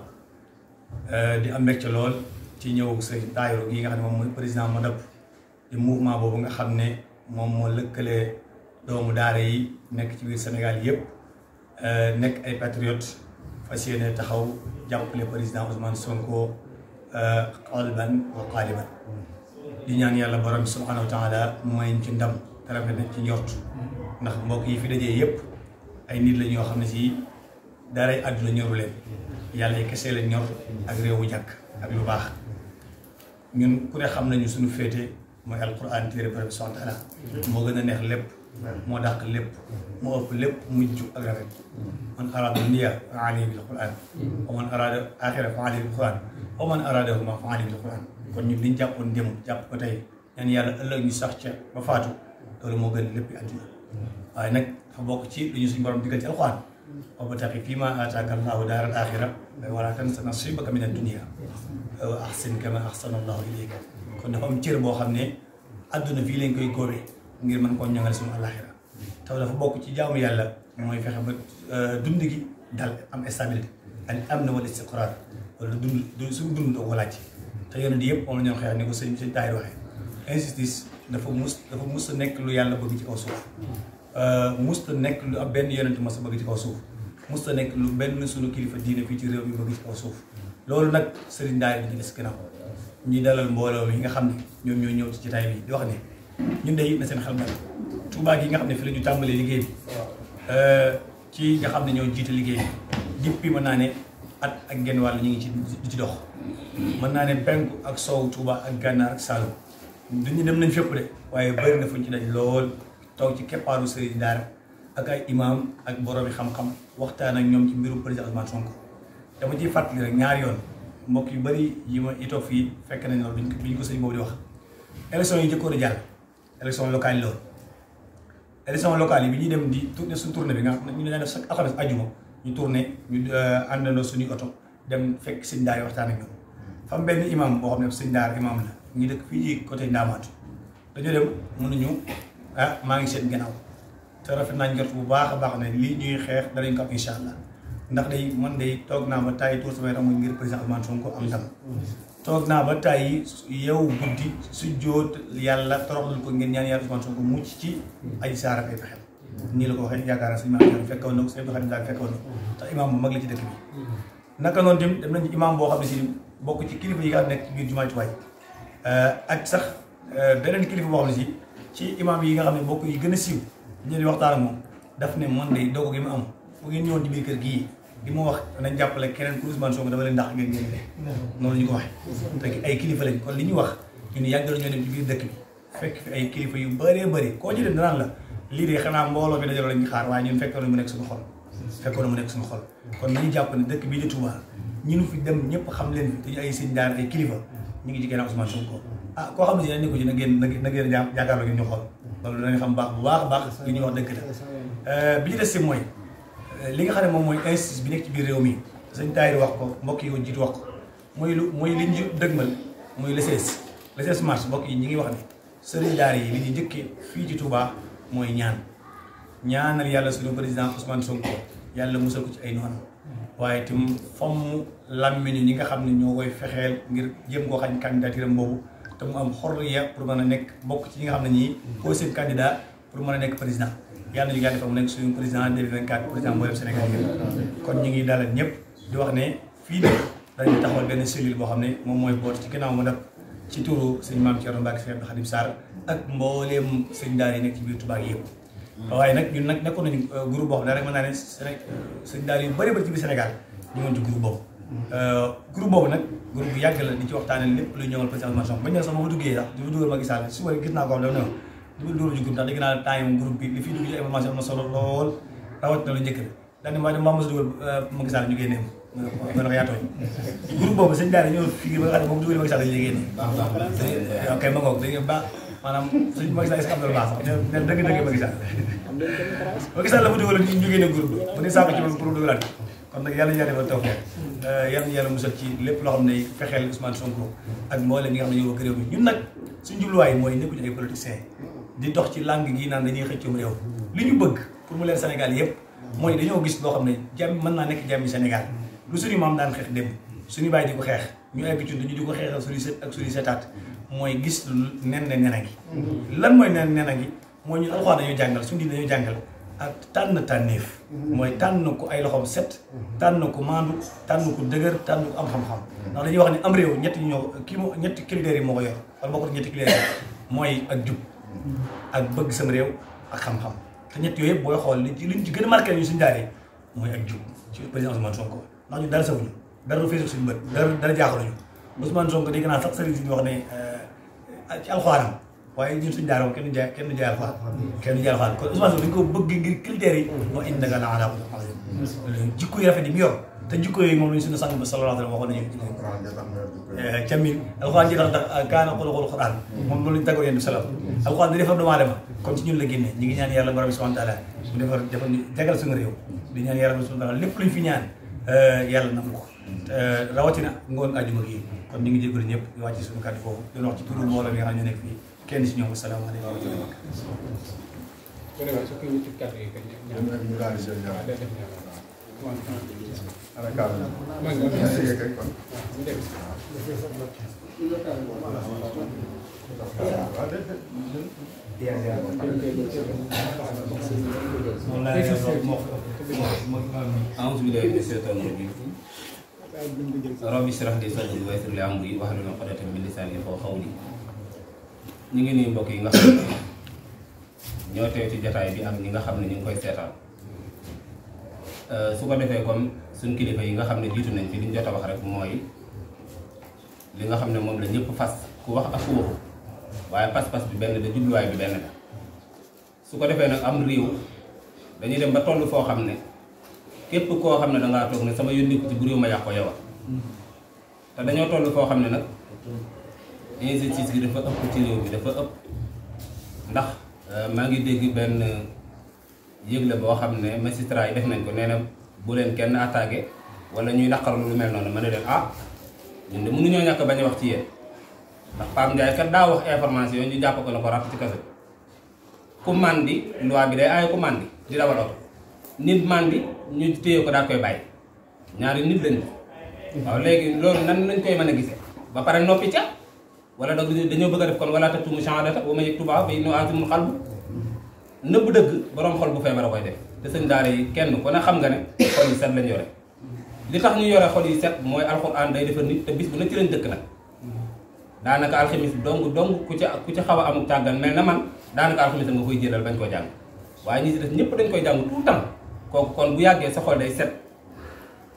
euh, di am mbégte lool ci ñëw sëriñ Tahirou gi nga xam ne moom mooy président Madab di mouvement boobu nga xam ne moom moo lëkkalee doomu daara yi nekk ci biir Sénégal yëpp euh, nekk ay patriotes fas yéene taxaw jàppale président Ousmane Sonko qalban wa qaaliban di ñaan yàlla borom bi subhaanahu wa taala mu may ci ndam te rafet nañ ci njort ndax mbokk yi fi dajee yëpp ay nit lañ xam ne si daaray àdduna ñoru leen yàlla ay kese leen ñor ak réew bu jàkk ak lu baax ñun ku ne xam nañu suñu féete mooy alquran téere borom bi subhaanahu moo gën a neex lépp moo dàq lépp moo ëpp lépp mujj ak rafet man araada niya fa alayhi bil quran wa man araada axira fa alayhi bil quran wa man araada huma fa alayhi bil quran kon ñun liñ jàppoon démb jàpp ko tey ñaan yàlla ëllëg ñu sax ca ba faatu loolu moo gën lépp àddina waaye nag dafa bokk ci lu ñu suñu borom digal ci alquran wabtaqi fii ma aataaka allahu daar al axira wala tansa nasibaka min addunia wa ahsin kama ahsana ilayka kon dafa am cër boo xam ne àdduna fii lañ koy ngir mën koo ñangal suñu àllaaxira taw dafa bokk ci jaamu yàlla mooy fexe ba euh, dund gi dal am stabilité al am na wala istiqraar wala dund suñu dund doo ko laaj te yoon di yëpp moom la ñoo xeex ko sëñ sëñ Tahir nekk lu yàlla bëgg ci kaw suuf euh, mus nekk lu ab benn yonent mas a mus a nekk lu benn suñu kilifa diine fii ci réew mi bëgg ci kaw suuf loolu nag sëriñ Daara bi ci des gën a ñi dalal mbooloo mi nga xam ne ñoom ñoo ñëw ci jotaay bi di wax ne ñun de na seen xel mel Touba gi nga xam ne fi la ñu tàmbalee liggéey bi euh, ci nga xam ne ñoo jiite liggéey bi depuis mën naa ne at ak genn wàll ñu ngi ci dox mën naa ne penku ak soow Touba ak gànnaar ak Saalum duñu dem nañ fépp de waaye bëri na fuñ ci daj lool toog ci keppaaru sëriñ daara ak ay imaam ak boromi xam-xam waxtaan ak ñoom ci mbirum président Ousmane Sonko dama ciy fàttali rek ñaari yoon mbokk yu bëri yi ma itoo fii fekk nañ loolu biñ ko sëñ boobu di yi jëkkoon a jàll élection locale yi loolu bi ñuy dem di tourné suñu tournée bi nga xam ne ñu ne def chaque alxames ajuma ñu tourné ñu euh, àndandoo suñuy oto dem fekk sëñ daar yi waxtaan ak ñoom fam benn imam boo xam ne sëñ daar imam la ñu dëkk fii ci côté Ndaamaatu dañoo dem mënuñu ah maa ngi seen gannaaw te rafet naa njort bu baax a baax ne lii ñuy xeex danañ ko am incha allah ndax day man day toog naa ba taay tuur samay ramo ngir président Ousmane Sonko am ndam toog naa ba tàyyi yow guddi su jóot yàlla toroxlu ko ngeen ñaan yàlla Ousmane Sonko mucc ci Adji Sarr ak ay pexem nii la ko waxee yaakaar suñu maam fekkoon na ko suñu xam daal fekkoon na mag la ci dëkk bi naka noon tamit dem nañ ci imaam boo xam ne si bokk ci kilifa yi nga xam nekk ci biir jumaa Tuubaa eh, ak sax eh, beneen kilifa boo xam ne si ci imaam yi nga xam ne bokk yi gën a siiw ñu di waxtaan ak moom daf ne man de doog gi mu am bu ngeen ñëwoon ci biir kër gii bi mu wax nañ jàppale keneen ku Ousmane Sonko dafa leen ndax ay kilifa lañ ñu wax ñun yàgg la fekk fi ay yu bëree bëri koo ci dem la lii de xanaa mbooloo bi xaar waaye ñun fekkoon mu nekk suñu xol fekkoon mu nekk suñu xol kon nañu jàpp ne dëkk bii di Touba ñi ñu fi dem ñëpp xam leen fi te ay seen ñu ngi ci ginnaaw Ousmane Sonko ah koo xam ne si ne ko ci na ngeen na ngeen jàkkaarloo ngeen ñu xool loolu danañ xam baax bu baax baax li ñuy wax dëgg la euh, bi ñu des si mooy li nga xam ne moom mooy injustice bi nekk ci biir réew mi sëñ Tahir wax ko mbokk yi ko jiitu wax ko mooy lu muy liñ dëgmal mooy le 16 le 16 mars mbokk yi ñu ngi wax ne sëriñ daara yi li ñu njëkkee fii ci Touba mooy ñaan ñaanal yàlla suñu président Ousmane Sonko yàlla musal ko ci ay noonu waaye itam fomm làmmiñu ñi nga xam ne ñoo koy fexeel ngir jëm koo xam candidature am boobu te mu am xorriya pour mën a nekk mbokk ci ñi nga xam ne ñii. Mm-hmm. posé candidat pour mën a nekk président. yàlla ñu yàlla defal mu nekk suñu président 2024 président mboolem Sénégal kon ñu ngi dalal ñëpp di wax ne fii de dañuy taxawal benn cellule boo xam ne moom mooy boot ci ginnaaw mu def ci turu sëñ maam Thierno Mbacke Sëñ Abdou Khadim ak mbooleem sëñ daara yi nekk ci biir Touba yëpp waaye nag ñun nag nekkoon nañu euh, groupe boo xam ne rek mën naa ne sëñ daara yu bëri bëri ci biir Sénégal ñu woon ci groupe boobu euh, groupe boobu nag groupe bu yàgg la di ci waxtaanee lépp lu ñëwal président Ousmane Sonko bañ ne sax ma duggee sax di fa dugal ma gis naa ko xam daf du dóor ju gëm a dégg naa temps la daal dugal ma ne ko yaatooñ groupe boobu sëñ daal dañoo ba nga xam a moom dugal Macky ma ngoog dañu baax maanaam suñ Macky na lu baax sax dëgg dëgg Macky Sall Macky Sall la mu dugal ñu génne groupe ba ni kon nag yàlla ñu euh, ñu yàlla musal ci lépp loo xam ne fexeel Ousmane Sonko ak mboolem ñi nga xam ne ñoo bëgg réew mi ñun nag suñ jubluwaay mooy nekkuñu ay politiciens di dox ci langue gi naan dañuy xëccum réew li ñu bëgg pour mu leen Sénégal yëpp mooy dañoo gis loo xam ne jàmm man naa nekk jàmmi Sénégal lu suñu maam daan xeex dem suñu bàyyi di ko xeex ñu egg ci ñu di ko xeexal suñu set ak setaat mooy gis nen ne nena yi lan mooy nen nena gi mooy ñun alxuraan dañoo jàngal suñu diine dañoo jàngal ak tànn tànneef mooy tànn ko ay loxoom set tànn ko maandu tànn ko dëgër tànn ko am xam-xam ndax dañuy wax ne am réew ñetti ñoo kii ñetti critères yi moo ko yor mooy ak jub ak bëgg sam réew ak xam-xam te ñett yooyu booy xool li ci liñ ci gën a ñu suñu daaree mooy ak jub ci président Ousmane Sonko ndax ñu dara sawuñu dara du feesu suñu bët dara dara jaaxaluñu Ousmane Sonko dégg naa sax sëriñ si ñu wax ne euh, ci alxuraan waaye ñun suñu daara moom kenn du jaay kenn du jaay alxuraan kenn du jaay alxuraan kon Ousmane Sonko dañu ko bëgg ngir critères yi moo indi naka la ala ko jikko yu rafet yi te jikko yooyu moom lañu suñu sang bi sallallahu alayhi wa sallam waxoon nañu eh, camil alxuraan ji tax tax kaana xuluqul xuraan moom loolu lañu tàggoo yéen salaam alxuraan wa taala mu ñu jagal suñu réew di ñaan yàlla subhanahu wa lépp luñ fi ñaan eh, yàlla nangu ko eh, rawatina ngoon àjjuma gi kon ñu ngi jégalu ñëpp ñu wàcc suñu kàddu foofu doon wax kenn si ñoom asalaamaaleykum wa rahmatulah. ana kàddu gi. kon. rabbi ishrah li sadri wa yassir li amri ñu ngi nii mbokk yi nga xam ne ñoo teew ci jataay bi ak ñi nga xam ne ñu ngi koy seetaan su ko defee kon suñ kilifa yi nga xam ne jiitu nañ fi liñ jot a wax rek mooy li nga xam ne moom lañ ñëpp fas ku wax ak ku waxu waaye pas-pas bi benn da jubluwaay bi benn la su ko defee nag am réew dañuy dem ba toll foo xam ne képp koo xam ne dangaa toog ne sama yónni ko ci bu réew ma yàqoo yow te dañoo toll foo xam ne nag injustice gi dafa ëpp ci réew bi dafa ëpp ndax euh, maa ngi dégg benn yëgle boo xam ne magistrat yi def nañ ko nee na bu leen kenn attaqué wala ñuy naqarlu lu mel noonu ma ne leen ah ñun de mënuñoo ñàkk bañ a wax ci yéen ndax Pape Ndiaye kat daa wax information yooyu ñu jàpp ko la ko ràpp ci kaso ku mandi loi bi day aaye ku mandi di dawal oto nit mandi ñu téye ko daa koy bàyyi ñaari nit lañ waaw léegi loolu nan lañ koy mën a gisee ba pare noppi ca wala dog dañoo bëgg a def kon wala ta tumu chandatata wa ma yëg tubaab bay no asimul xal bu nëbb dëgg boroom xol bu te sëñ daara yi kenn ku ne xam nga ne xol yu set lañ yore li tax ñu yore xol yi set mooy alxuraan day defar nit te bis bu ne ci lañ dëkk nag daanaka alxamis dong dong ku ca ku ci xaw a amuk tàggal mel na man daanaka alxamis nga koy jëlal bañ koo jàng waaye ñi si def ñëpp dañ koy jàng tout le temps kooku kon bu yàggee sa xol day set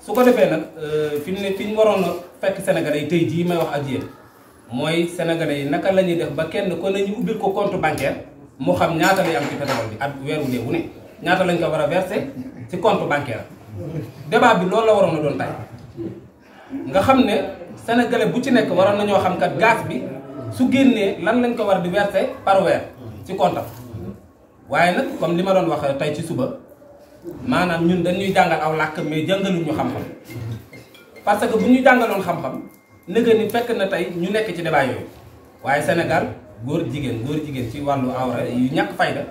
su ko defee nag euh, fi mu ne fi ñu waroon a fekk sénégalais yi tey jii may wax ak yéen mooy sénégalais yi naka la ñuy def ba kenn ko nañu ubbil ko compte bancaire mu xam ñaata lay am ci pétrole weer wu ne ñaata lañ ko war a verser ci compte bancaire débat bi loolu la waroon na doon tay nga xam ne sénégalais bu ci nekk waroon nañoo xam kat gaz bi su génnee lan lañ ko war di verser par weer ci compte waaye nag comme li ma doon wax tey ci suba maanaam ñun dañuy jàngal aw làkk mais jàngaluñu xam-xam parce que bu ñu jàngaloon xam-xam nëgë ni fekk na tey ñu nekk ci débat yooyu waaye Sénégal. góor jigéen góor jigéen ci wàllu awra yu ñàkk fayda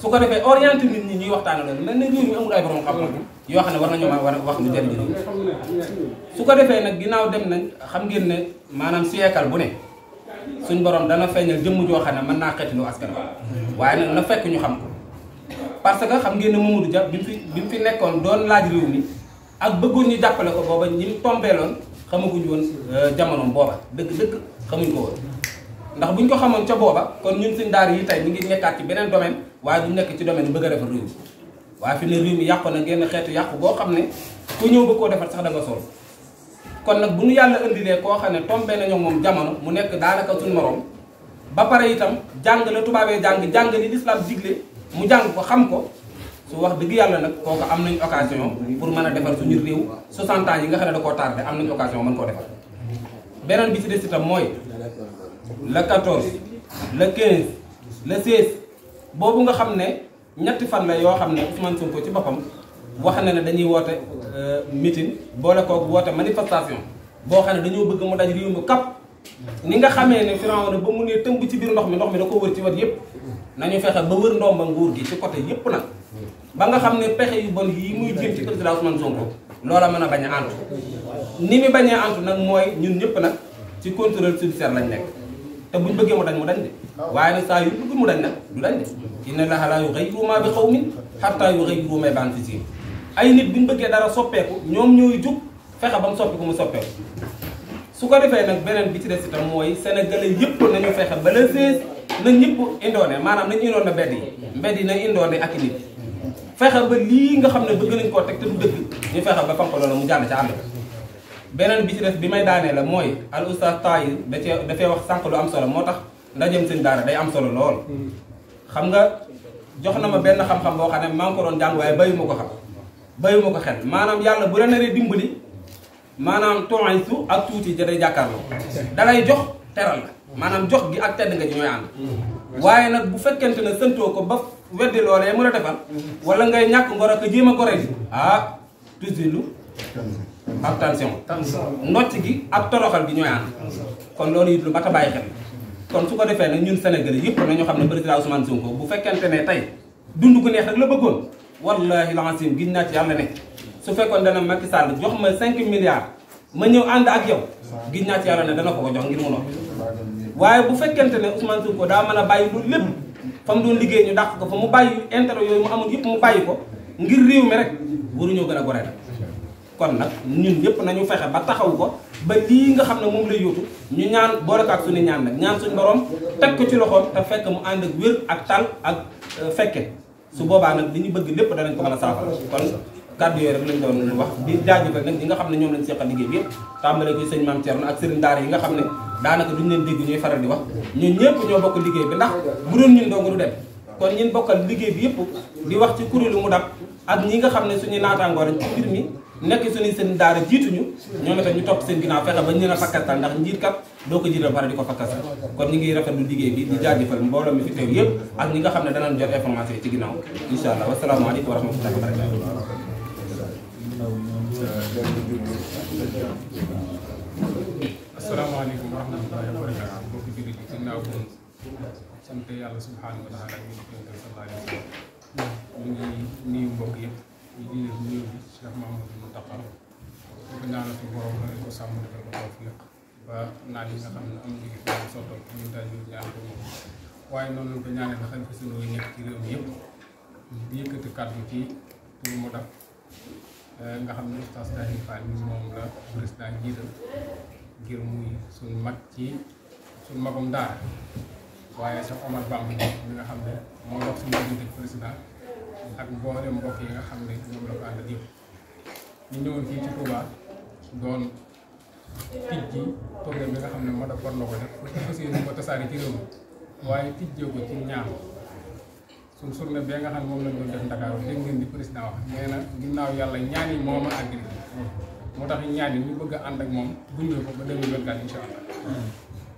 su ko defee orienté nit ñi ñuy waxtaana loolu na réew mi amul ay borom yoo xam ne war nañoo war a wax lu jëriñ réew su ko defee nag ginnaaw dem nañ xam ngeen ne maanaam siècle bu ne suñ borom dana feeñal jëmm joo xam ne mën naa xeetiloo askan waaye nag na fekk ñu xam ko parce que xam ngeen ne Mamadou Dia bi mu fi bi mu fi nekkoon doon laaj réew mi ak bëggoon ñu jàppale ko booba ñi mu tombeeloon xamaguñu woon euh, jamonoom booba dëgg dëgg xamuñ ko woon ndax bu ñu ko xamoon ca booba kon ñun suñ daara yi tey ñu ngi nekkaat ci beneen domaine waaye du nekk ci domaine bëgg a defar réew mi waaye fi ne réew mi yàqu na génn xeetu yàqu boo xam ne ku ñëw ba koo defar sax da nga sol kon nag bu ñu yàlla indilee koo xam ne tombé nañu moom jamono mu nekk daanaka suñ morom ba pare itam jàng la tubaabee jàng jàng ni lislaam digle mu jàng ko xam ko su wax dëgg yàlla nag kooku am nañ occasion pour mën a defar suñu réew 60 ans yi nga xam ne da koo tardé am nañ occasion mën koo defar beneen bi ci des mooy le 14 le 15 le 16 boobu nga xam ne ñetti fan la yoo xam ne Ousmane Sonko ci boppam wax na ne dañuy woote euh, meeting boole kook woote manifestation boo xam ne dañoo bëgg mu daj réew mi kap ni nga xamee ne Firawna ba mu ne tëmb ci biir ndox mi ndox mi da ko wër ci wat yëpp ñu fexe ba wër ndomba nguur gi ci côté yëpp nag ba nga xam ne pexe yu bon yi muy jéem ci président Ousmane Sonko loola mën a bañ a antu ni mu bañee antu nag mooy ñun ñëpp nag ci contrôle judiciaire lañ nekk te buñ bëggee mu dañ mu dañ de waaye nag saa yu bëggul mu dañ nag du dañ de inna Allaha laa yughayyiru maa bi qawmin hattaa yughayyiru maa bi anfusihim ay nit buñ bëggee dara soppeeku ñoom ñooy jug fexe ba mu soppeeku mu soppeeku su ko defee nag beneen bi ci des itam mooy sénégalais yëpp nañu fexe ba le 16 na ñëpp indoone maanaam nañu indoone mbedd yi mbedd yi nañ indoone ak nit fexe ba lii nga xam ne bëgg nañ koo teg te du dëgg ñu fexe ba fanko loolu mu jàll ca ànd beneen bi ci def bi may daanee la mooy al oustaz Tahir da cee dafee wax sànq lu am solo moo tax ndajeem sëñ daara day am solo lool. xam nga jox na ma benn xam-xam boo xam ne maa ngi ko doon ma ko xam bayu ma ko xel maanaam yàlla bu la naree dimbali maanaam tooñ su ak tuuti ja day jàkkaarloo dalay jox teral la maanaam jox gi ak tedd nga ji ñooy ànd waaye nag bu fekkent ne sëntoo ko ba weddi loolee mu la defal wala ngay ñàkk ngor ak jéem a ko ji ah ak tension nocc gi ak toroxal gi ñooy ànd kon loolu it lu mat a bàyyi xel kon su ko defee nag ñun Sénégalais yëpp nañu xam ne président Ousmane Sonko bu fekkente ne tey dund ko neex rek la bëggoon wallahi lancim giñ naat ci yàlla ne su fekkoon dana Macky Sall jox ma 5 milliards ma ñëw ànd ak yow giñ naa ci yàlla ne dana ko ko jox ngir mu waaye bu fekkente ne Ousmane Sonko daa man a bàyyi loolu lépp fa mu doon liggéey ñu dàq ko fa mu bàyyi intérêt yooyu mu amoon yëpp mu bàyyi ko ngir réew mi rek waruñoo gën a gore kon nag ñun ñëpp nañu fexe ba taxawu ko ba lii nga xam ne moom lay yóotu ñu ñaan boole ko ak suñu ñaan nag ñaan suñu borom teg ko ci loxoom te fekk mu ànd ak wér ak tal ak euh, fekke su boobaa nag li ñu bëgg lépp danañ ko mën a saafara kon kàddu yooyu wax di jaajëfal nga xam ne ñoom lañ seqal liggéey bi yëpp tàmbale ko sëñ yi nga xam ne daanaka duñu leen dégg ñuy faral di wax ñu ñëpp ñoo bokk liggéey bi ndax bu doon ñun dong du dem kon ñun bokkal liggéey bi yëpp di wax ci kuréelu mu dab ak ñi nga xam ne suñu naataangoo lañ ci mbir mi nekk suñuy seen daara jiituñu ñoom itam ñu topp seen ginnaaw fexe ba ñu leen a fakkastal ndax njiit kat doo ko jiital pare di ko fakkastal kon ñu ngi rafet rafetlu liggéey bi di jaajëfal mbooloo mi fi teew yëpp a ñi nga xam ne danañ jot information yi ci ginnaaw incha allah wasalaamaaleykum wa a wa barakatuh asalaamaaleykum wa rahmatullahi wa barakatuh mbokki jullit yi ginnaaw sant yàlla subhanahu wa taala ñu ngi mbokk yëpp Muntaqa di ko ñaanal suñu nga xam ne am liggéey fi ñu sottal moom noonu lañ ko ñaanee nga xam ne ci réew mi yëpp di yëkkati kàddu ci pour mu def nga xam ne la président jiital ngir muy suñ mag ci suñ magum daara waaye Cheikh Omar Bamba mi nga xam ne moo dox suñu diggante président ak mboolem mbokk yi nga xam ne ñoom la ko àndal yëpp ñu ñëwoon fii ci Touba doon tijji problème bi nga xam ne moo tax war na ko def pour que aussi ñu ko tasaare ci réew mi waaye tijjee ko ci surne bee nga xam ne moom la doon def Dakar dégg ngeen di président wax nee na ginnaaw yàlla ñaan moom moo ma moo tax ñaan yi ñu bëgg ànd ak moom gunge ko ba 2024 incha allah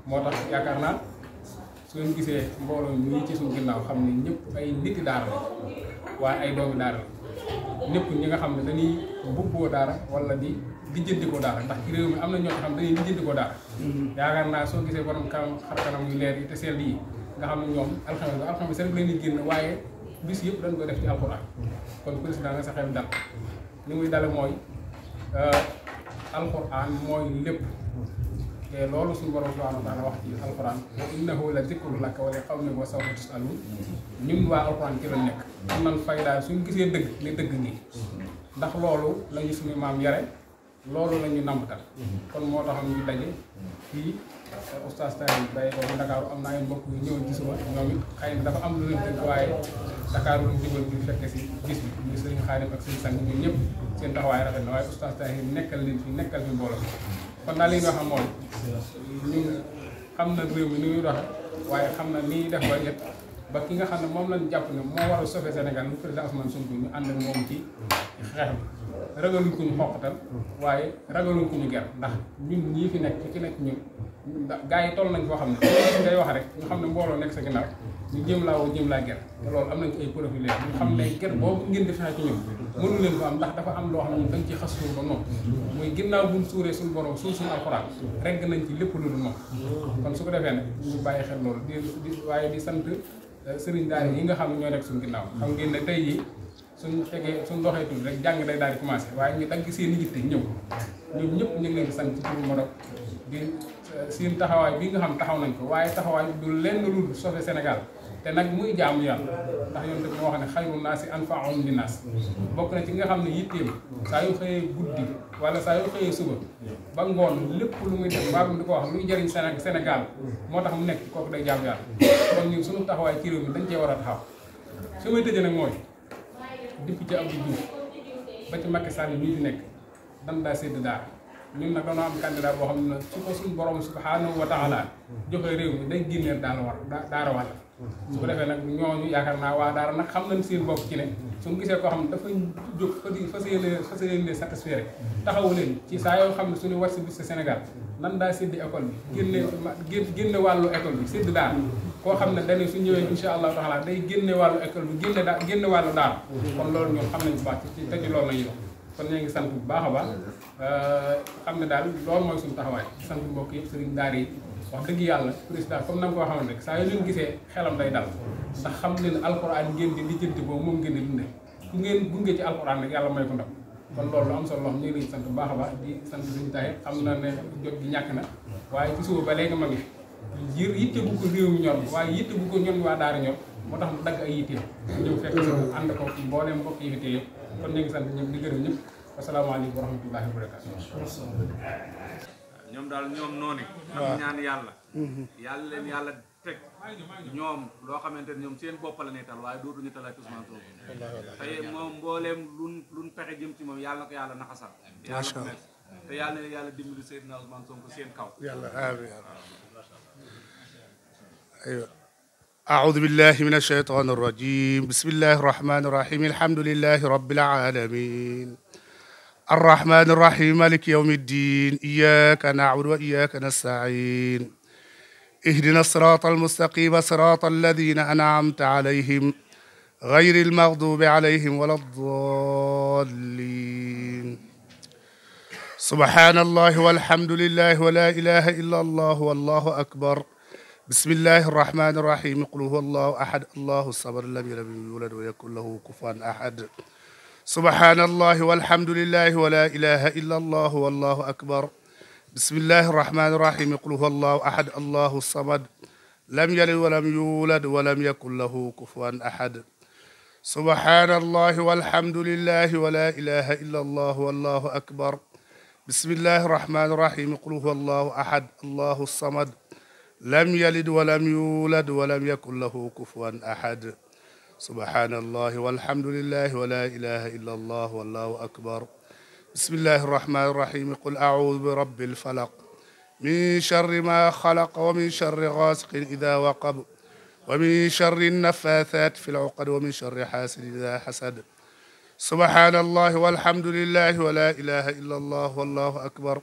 moo tax yaakaar naa su ngeen gisee mbooloo mi ci suñu ginnaaw xam ne ñëpp ay nit daara waaye ay doomi daara nekkul ñi nga xam ne dañuy bubboo daal wala di lijjanti ko daara ndax ci réew mi am na ñoo xam ne lijjanti ko daara mhm. yaakaar naa soo gisee borom kanam xar kanam yu leer yi te sell yi nga xam ne ñoom alxames ba alxames rek la ñuy génn waaye bis yëpp dañ ko def ci alxuraan kon président nga sa xel dal li muy dale mooy euh, alxuraan mooy lépp te loolu suñu borom subhanahu wa taala wax ci alxuraan wa innahu la zikru laka wa li qawmika wa sawfa tusaluun ñun waa alxuraan ci la nekk am nañ fayda suñu gisee dëgg ne dëgg nii ndax loolu lañu suñu maam yare loolu la ñu nambatal kon moo tax ñu daje fii eh, oustaz Tahirou Baye ko bu Dakar am na ay mbokk yu ñëw ci suba ñoom it xëy na dafa am lu leen dëgg waaye Dakar lu jibal bu fekkee si gis bi muy sëriñ Xaadim ak sëriñ sang ñun ñëpp seen taxawaay kon naa leen wax mooy ñu xam na réew mi ni ñuy doxe waaye xam na ni def ba lépp ba ki nga xam ne moom lañ jàpp ne moo war a sauver Sénégal mu président Ousmane Sonko ñu ànd ak moom ci xeex bi ragaluñ ko ñu xoqatal waaye ragaluñ ko ñu ger ndax ñun ñii fi nekk ci nekk ñun gaa yi toll nañ foo xam ne ngay wax rek ñu xam ne mbooloo nekk sa ginnaaw ñu jéem laa woo jéem laa ger te am nañ ci ay profil ñu xam ne ger boobu ngeen di fexe ci ñun mënu ko am ndax dafa am loo xam ne dañ ci xas suur ba nopp muy ginnaaw buñ suuree suñu borom suur suñu alxuraan regg nañ ci lépp lu dul moom kon su ko defee ne ñu bàyyi xel loolu di di waaye di sant euh, sëriñ daara yi nga xam ñoo nekk suñu ginnaaw xam ngeen ne yi suñ tegee suñ doxee tuuti rek jàng day daal di commencé waaye ñu dagg seen yitte ñëw ñoom ñëpp ñu ngi leen di sant ci turu Modok di euh, seen taxawaay bi nga xam taxaw nañ ko waaye taxawaay du lenn lu sofe Sénégal te nag muy jaamu yàlla ndax yoon daf moo xam ne xayru naas yi anfaahum li naas bokk na ci nga xam ne yitteem saa yu xëyee guddi wala saa yu xëyee suba ba ngoon lépp lu muy def mbaa di ko wax luy jëriñ Sénégal moo tax mu nekk koo day jaamu yàlla kon ñun ci réew mi dañ cee war a taxaw su may tëjee nag mooy depuis ci am Diouf ba ci Macky Sall mii di nekk dan daa sédd daal ñun nag dañoo am candidat boo xam ne su suñu borom subhanahu wa taala joxe réew mi day génneel daal war daara war su ko defee nag ñooñu yaakaar naa waa daara nag xam nañ seen bopp ci ne suñu gisee koo xam ne dafa jóg fas yéene fas yéene satisfaire taxawu leen ci saa yoo xam ne suñu war si bis Sénégal nan daa sédd école bi génne génne wàllu école bi sédd daal koo xam ne dañuy su ñëwee insha allahu taala day génne wàllu école bi génne daa génne wàllu daara kon loolu ñoom xam nañ bu baax ci bu baax a baax euh, xam ne daal loolu mooy suñu taxawaay sant mbokk yëpp sëriñ yi wax dëgg yàlla président comme na nga ko waxoon rek saa yu leen gisee xelam day dal ndax xam leen alxuraan ngeen di lijjanti boobu moom ngeen di dundee ku ngeen gunge ci alxuraan rek yàlla may ko ndam kon loolu lu am solo loo xam ñu ngi leen sant bu baax a baax di sant suñu taay xam na ne jot gi ñàkk na waaye ci suba ba léegi ma ngi yër yitte bu ko réew ñor waaye yitte bu ko ñoom waa daara ñor moo tax mu dagg ay yitte ñëw fekk ànd ko mbooleem mbokk yi fi téye ñoom daal ñoom noonu am ñaan yàlla mm-hmm. yàlla leen yàlla teg ñoom loo xamante ne ñoom seen bopp la ne tal waaye dootuñu talaat Ousmane Sonko tey moom mbooleem pexe jëm ci moom yàlla na ko yàlla naxasal yàlla ko te yàlla na yàlla dimbali Seydina Ousmane Sonko seen kaw yàlla أعوذ بالله من الشيطان الرجيم بسم الله الرحمن الرحيم الحمد لله رب العالمين الرحمن الرحيم مالك يوم الدين إياك نعبد وإياك نستعين اهدنا الصراط المستقيم صراط الذين أنعمت عليهم غير المغضوب عليهم ولا الضالين سبحان الله والحمد لله ولا إله إلا الله والله أكبر bismillahi irrahmani irrahim qul huwa allahu ahad allahu samad lam yalid walam yulad wa yakun lahu kufuwan ahad subhanallahi walhamdulillahi wa la ilaha illa allah wallahu akbar bismillahi irrahmani irrahim qul huwa allahu ahad allahu samad lam yalid walam yulad walam yakun lahu kufuwan ahad subhanallahi walhamdulillahi wa la ilaha illa allah wallahu akbar bismillahi irrahmani irrahim qul huwa allahu ahad allahu samad lam yalid walam yulad walam yakun lahu kufuwan ahad subhanallahi walhamdulillahi wa la ilaha illa allah wallahu akbar bismillahi arrahmani irrahimi qul audu birabbil falaq min charri ma xalaq wa min charri gaasiqin ida waqab wa min charri naffaathaat fi luqad wa min charri xaasidin ida xasad subhanallahi walhamdulillahi wa la ilaha illa allah wallahu akbar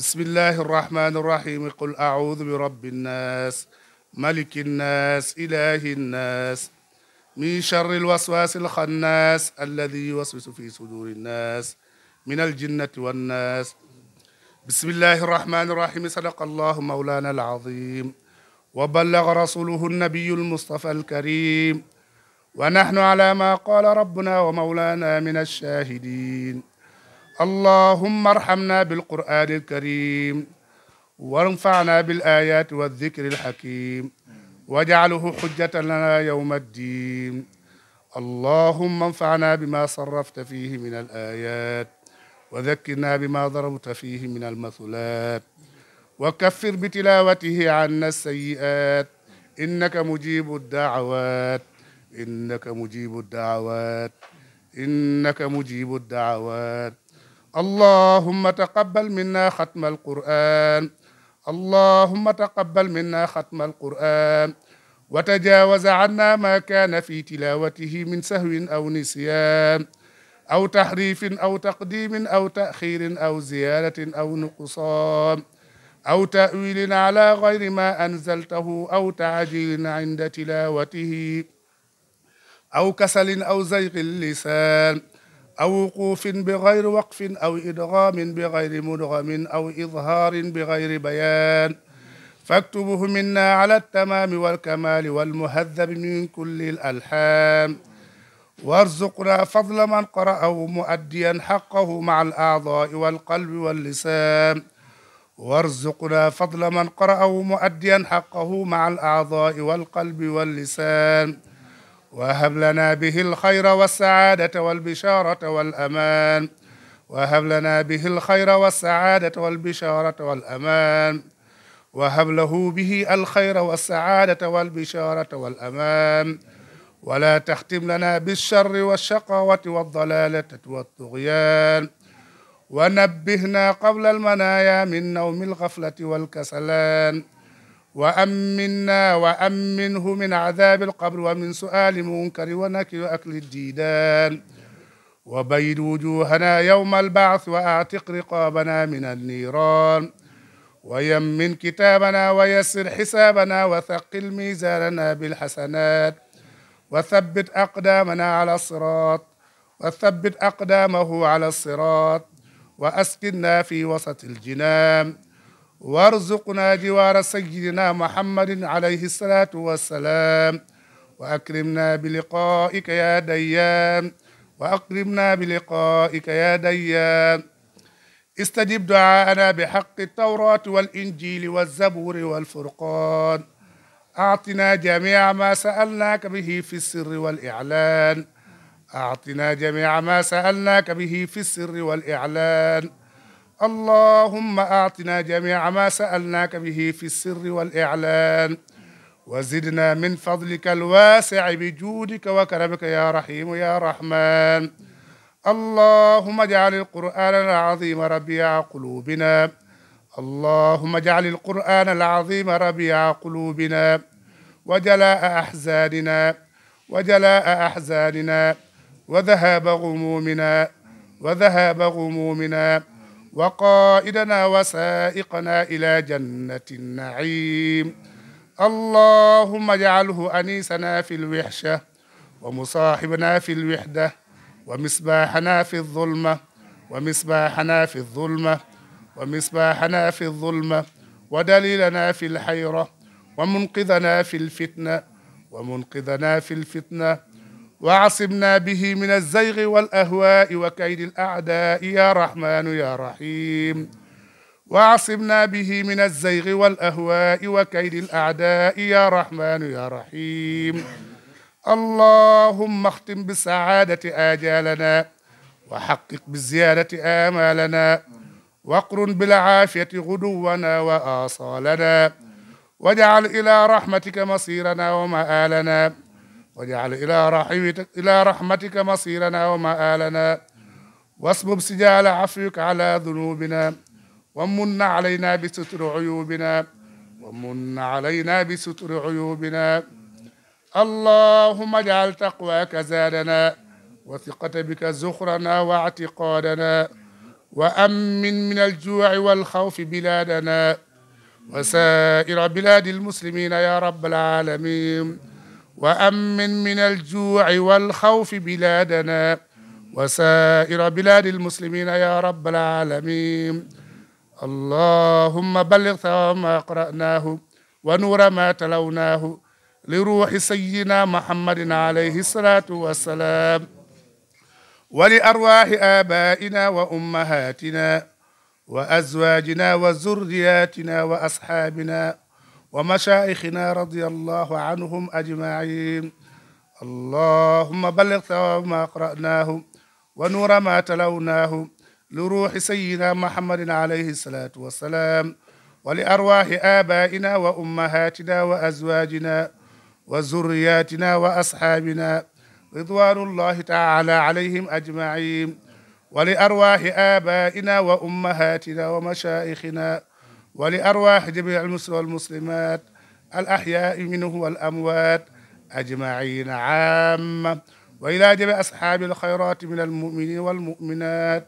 bismillahi arrahmani irrahimi qul audu bi rabbi nnas maliki nnas ilahi nnas min charri alwaswasi alxannas alladi yuwaswisu fi suduri nnas min aljinnati wannas bismillahi arrahmani irrahimi sadaqa allahu mawlana alazim wa ballaga rasuluhu alnabiyu almustafa alkarim wa nahnu ala ma qala rabbuna wa mawlana min alshahidin اللهم ارحمنا بالقرآن الكريم وانفعنا بالآيات والذكر الحكيم واجعله حجة لنا يوم الدين اللهم انفعنا بما صرفت فيه من الآيات وذكرنا بما ضربت فيه من المثلات وكفر بتلاوته عنا السيئات إنك مجيب الدعوات إنك مجيب الدعوات إنك مجيب الدعوات اللهم تقبل منا ختم القرآن اللهم تقبل منا ختم القرآن وتجاوز عنا ما كان في تلاوته من سهو أو نسيان أو تحريف أو تقديم أو تأخير أو زيادة أو نقصان أو تأويل على غير ما أنزلته أو تعجيل عند تلاوته أو كسل أو زيغ اللسان aw wuquufin bi gayri waqfin aw idgaamin bi gayri mudgamin aw idhaarin bi gayri bayaan faktubuhu minna ala altamaami walkamaali walmuhaddabi min kulli alalhaam warzuqna fadla man qara'ahu muaddiyan haqqahu maa alaadaai walqalbi wallisaan warzuqna fadla man qara'ahu muaddiyan haqqahu maa alaadaai walqalbi wallisaan وهب لنا به الخير والسعادة والبشارة والأمان وهب لنا به الخير والسعادة والبشارة والأمان وهب له به الخير والسعادة والبشارة والأمان ولا تختم لنا بالشر والشقاوة والضلالة والطغيان ونبهنا قبل المنايا من نوم الغفلة والكسلان وأمنا وأمنه من عذاب القبر ومن سؤال منكر ونكر وأكل الديدان وبيد وجوهنا يوم البعث وأعتق رقابنا من النيران ويمن كتابنا ويسر حسابنا وثقل ميزاننا بالحسنات وثبت أقدامنا على الصراط وثبت أقدامه على الصراط وأسكننا في وسط الجنان وارزقنا جوار سيدنا محمد عليه الصلاة والسلام وأكرمنا بلقائك يا ديان وأكرمنا بلقائك يا ديان استجب دعاءنا بحق التوراة والإنجيل والزبور والفرقان أعطنا جميع ما سألناك به في السر والإعلان أعطنا جميع ما سألناك به في السر والإعلان اللهم أعطنا جميع ما سألناك به في السر والإعلان وزدنا من فضلك الواسع بجودك وكرمك يا رحيم يا رحمن اللهم اجعل القرآن العظيم ربيع قلوبنا اللهم اجعل القرآن العظيم ربيع قلوبنا وجلاء أحزاننا وجلاء أحزاننا وذهاب غمومنا وذهاب غمومنا وقائدنا وسائقنا إلى جنة النعيم اللهم اجعله أنيسنا في الوحشة ومصاحبنا في الوحدة ومصباحنا في الظلمة ومصباحنا في الظلمة ومصباحنا في الظلمة ودليلنا في الحيرة ومنقذنا في الفتنة ومنقذنا في الفتنة وعصمنا به من الزيغ والأهواء وكيد الأعداء يا رحمن يا رحيم وعصمنا به من الزيغ والأهواء وكيد الأعداء يا رحمن يا رحيم اللهم اختم بالسعادة آجالنا وحقق بالزيادة آمالنا واقرن بالعافية غدونا وآصالنا واجعل إلى رحمتك مصيرنا ومآلنا واجعل إلى رحمتك إلى رحمتك مصيرنا ومآلنا واصبب سجال عفوك على ذنوبنا ومن علينا بستر عيوبنا ومن علينا بستر عيوبنا اللهم اجعل تقواك زادنا وثقة بك زخرنا واعتقادنا وأمن من الجوع والخوف بلادنا وسائر بلاد المسلمين يا رب العالمين وأمن من الجوع والخوف بلادنا وسائر بلاد المسلمين يا رب العالمين اللهم بلغ ثواب ما قرأناه ونور ما تلوناه لروح سيدنا محمد عليه الصلاة والسلام ولأرواح آبائنا وأمهاتنا وأزواجنا وذرياتنا وأصحابنا wa mashaayixina radiyallahu anhum ajmain allahuma ballig sawaab ma qara'naahu wa nuura ma talawnaahu li ruuxi sayidina muhammadin alayhi salaatu wassalaam wa li arwaaxi aabaa'ina wa ummahaatina wa azwaajina wa zurriyaatina wa asxaabina ridwaanullahi taala alayhim ajmain wa li arwaaxi aabaa'ina wa ummahaatina wa mashaayixina wali arwaax jamiic almuslimin walmuslimat al axyaai minhum wal amwaat ajmaciina caama wa ilaa jamiici asxaabi alxayraati min almuminiin walmuminaat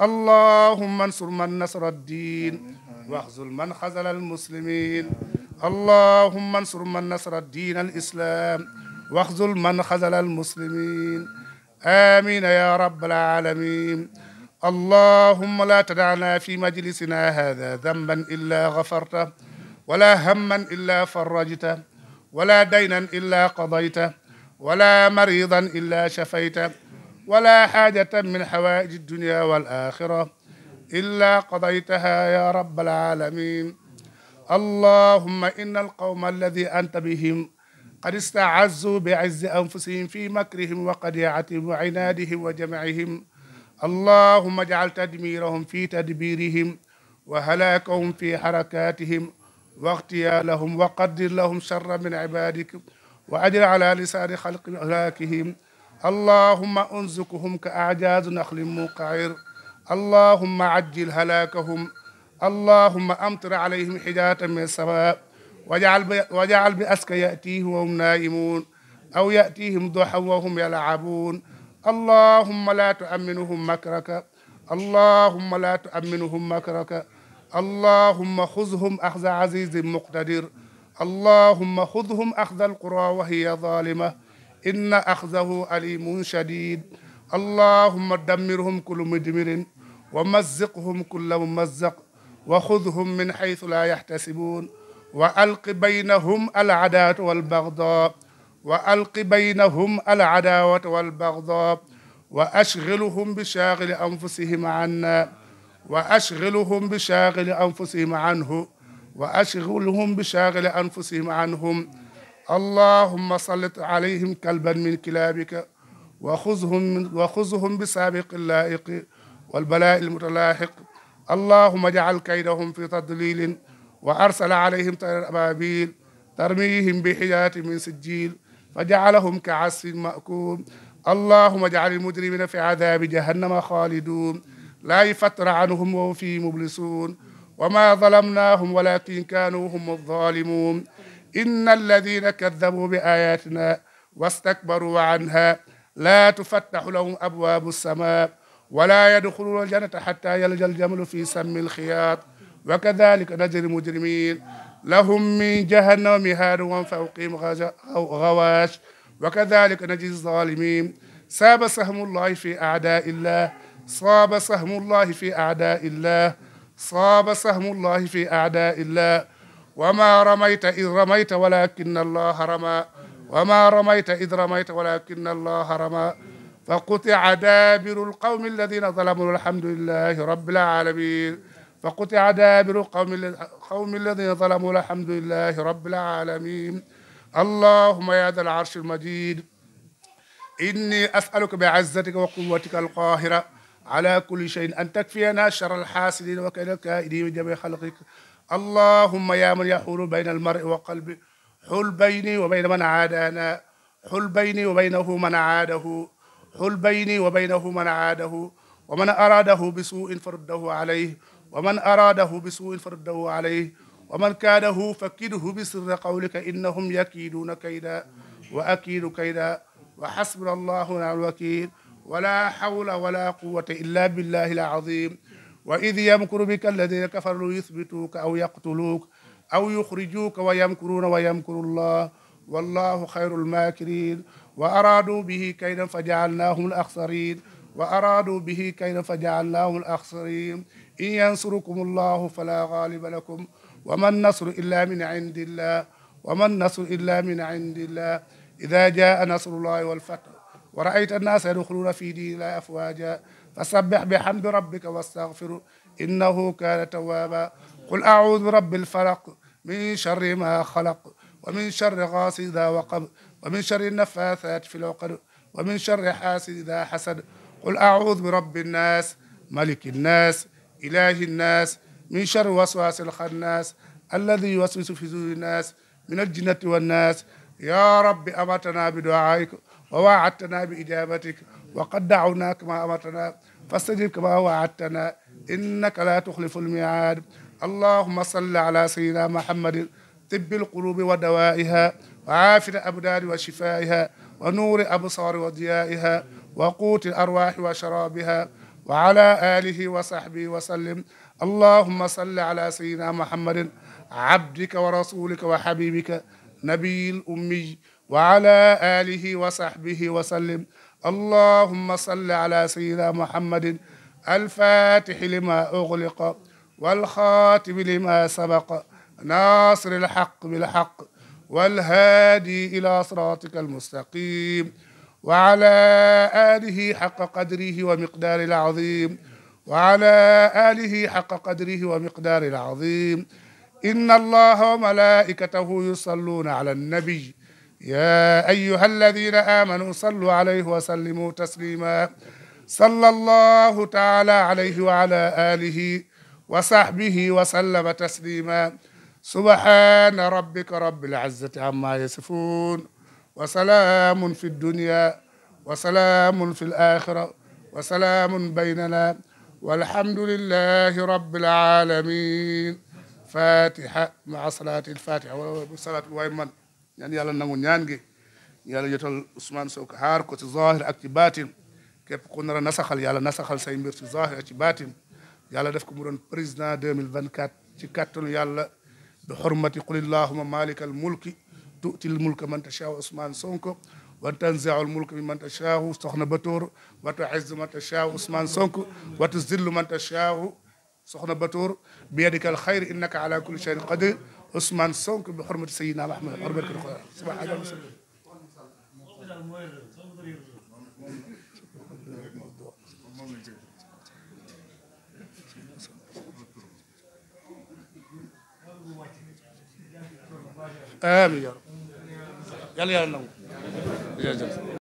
allahuma ansur man nasara addiin waxzul man xazala almuslimin allahuma ansur man nasara addiin alislaam waxzul man xazala almuslimin amiin ya rabbal aalamiin اللهم لا تدعنا في مجلسنا هذا ذنبا إلا غفرته ولا هما إلا فرجته ولا دينا إلا قضيته ولا مريضا إلا شفيته ولا حاجة من حوائج الدنيا والآخرة إلا قضيتها يا رب العالمين اللهم إن القوم الذي أنت بهم قد استعزوا بعز أنفسهم في مكرهم وقديعتهم وعنادهم وجمعهم allahuma jacal tadmirahum fi tadbirihim wa halaakahum fi xarakatihim waxtiyaalahum wa qaddir lahum charra min cibadik wa ajal ala lisaani xalqi alaakihim allahuma unzukhum ka ajazu naxlin muqair allahuma ajil halaakahum allahuma amtir alayhim xijaatan min samaa wajcal bi aska yatihim wa hum naimun aw yatihim duxan wa hum yalcabuun اللهم لا تؤمنهم مكرك اللهم لا تؤمنهم مكرك اللهم خذهم أخذ عزيز مقتدر اللهم خذهم أخذ القرى وهي ظالمة إن أخذه أليم شديد اللهم دمرهم كل مدمر ومزقهم كل ممزق وخذهم من حيث لا يحتسبون وألق بينهم العداة والبغضاء wa alqi baynahum al adaawata wal bagdaa wa ashghiluhum bi shaghili anfusihim anna wa ashghiluhum bi shaghili anfusihim anhu wa ashghiluhum bi shaghili anfusihim anhum allahumma sallit alayhim kalban min kilaabika wa khuzhum wa khuzhum bi saabiqi laa'iqi wal balaa'i l-mutalaahiq allahumma ij'al kaydahum fi tadliilin wa arsal alayhim tayran abaabiil tarmiihim bi hijaatin min sijjiil فجعلهم كعصف مأكول اللهم اجعل المجرمين في عذاب جهنم خالدون لا يفتر عنهم وهم فيه مبلسون وما ظلمناهم ولكن كانوا هم الظالمون إن الذين كذبوا بآياتنا واستكبروا عنها لا تفتح لهم أبواب السماء ولا يدخلون الجنة حتى يلج الجمل في سم الخياط وكذلك نجري المجرمين لهم من جهنم مهاد ومن فوقهم غواش وكذلك نجزي الظالمين صاب سهم الله في أعداء الله صاب سهم الله في أعداء الله صاب سهم الله في أعداء الله وما رميت إذ رميت ولكن الله رمى وما رميت إذ رميت ولكن الله رمى فقطع دابر القوم الذين ظلموا الحمد لله رب العالمين fa qutia daabiru qawmi alladina zalamu alhamdulilahi rabbil alamin allahuma ya dal arshi almajid inni asaluka biazzatika wa quwwatika alqahira ala kulli shayin an takfiyana shar alxaasidin wa kayda alkaidin wa jami xalqik allahuma ya man yaxulu bayna almari wa qalbi xul bayni wa bayna man aadana xul bayni wa baynahu man aadahu xul bayni wa baynahu man aadahu wa man araadahu bisuin faruddahu alayh wa man araadahu bi suuin faruddahu alayh wa man kaadahu fakkidhu bi sirri qawlika innahum yakiiduuna kayda wa akiidu kayda wa xasbuna allahu wa ni'mal wakiil wala hawla wala quwwata illa billahi al-aziim wa idh yamkuru bika alladhiina kafaruu liyuthbituuka aw yaqtuluuka aw yukhrijuuka wa yamkuruuna wa yamkuru allah wallahu xayrul maakiriin wa araaduu bihi kaydan fa ja'alnaahum al-akhsariin wa araaduu bihi kaydan fa ja'alnaahum al-akhsariin in yansurukum allahu fala ghaliba lakum wa ma nasru illa min indillah wa ma nasru illa min indillah ida jaa nasrullahi walfath wa raayta annaasa yadxuluuna fi diinillahi afwaaja fasabbih bihamdi rabbika wastaghfirhu innahu kaana tawwaaba qul a'uudu bi rabbil falaq min sharri maa xalaq wa min sharri gaasidin idaa waqab wa min sharri naffaasaati fil uqad wa min sharri haasidin idaa hasad qul a'uudu bi rabbin naas malikin naas ilahi nnas min charri waswasi alxannas alladi yuwaswisu fi suduri nnas min aljinnati wannas ya rabbi amatana bi duaik wa waadtana bi ijabatik wa qad daawna kama amartana fastajib kama waadtana innaka la tuxlifu almiad allahuma salli ala sayidina muhammadin طب القلوب ودوائها وعافية الأبدان وشفائها ونور أبصار وضيائها وقوت الأرواح وشرابها وعلى آله وصحبه وسلم اللهم صل على سيدنا محمد عبدك ورسولك وحبيبك نبي الأمي وعلى آله وصحبه وسلم اللهم صل على سيدنا محمد الفاتح لما أغلق والخاتم لما سبق ناصر الحق بالحق والهادي إلى صراطك المستقيم وعلى آله حق قدره ومقدار العظيم وعلى آله حق قدره ومقدار العظيم إن الله وملائكته يصلون على النبي يا أيها الذين آمنوا صلوا عليه وسلموا تسليما صلى الله تعالى عليه وعلى آله وصحبه وسلم تسليما سبحان ربك رب العزة عما يصفون wa salaamun fi dunya wa salaamun fi l-aaxira wa salaamun baynana walhamdulillahi rabbil aalamiin fatiha maa salaati fatiha wala salaatu waay man ñaan yàlla nangu ñaan gi yàlla jotal Ousmane Sonko xaar ko ci zahir ak ci baatin képp ku nar a nasaxal yàlla nasaxal say mbir ci zahir ak ci baatin yàlla def ko mu doon président 2024 ci kàttanu yàlla bi xurmati qul allahuma malika al mulki tu'til mulka man tashaahu Ousmane Sonko wa tanzi'ul mulka mimman tashaahu soxna Batoor wa tu'izzu man tashaahu Ousmane Sonko wa tuzillu man tashaahu soxna Batoor biyadikal xayr innaka ala kulli shay'in qadir Ousmane Sonko bi xormati sayyidina Muhammad amiin yàlla yàlla nangu jërëjëf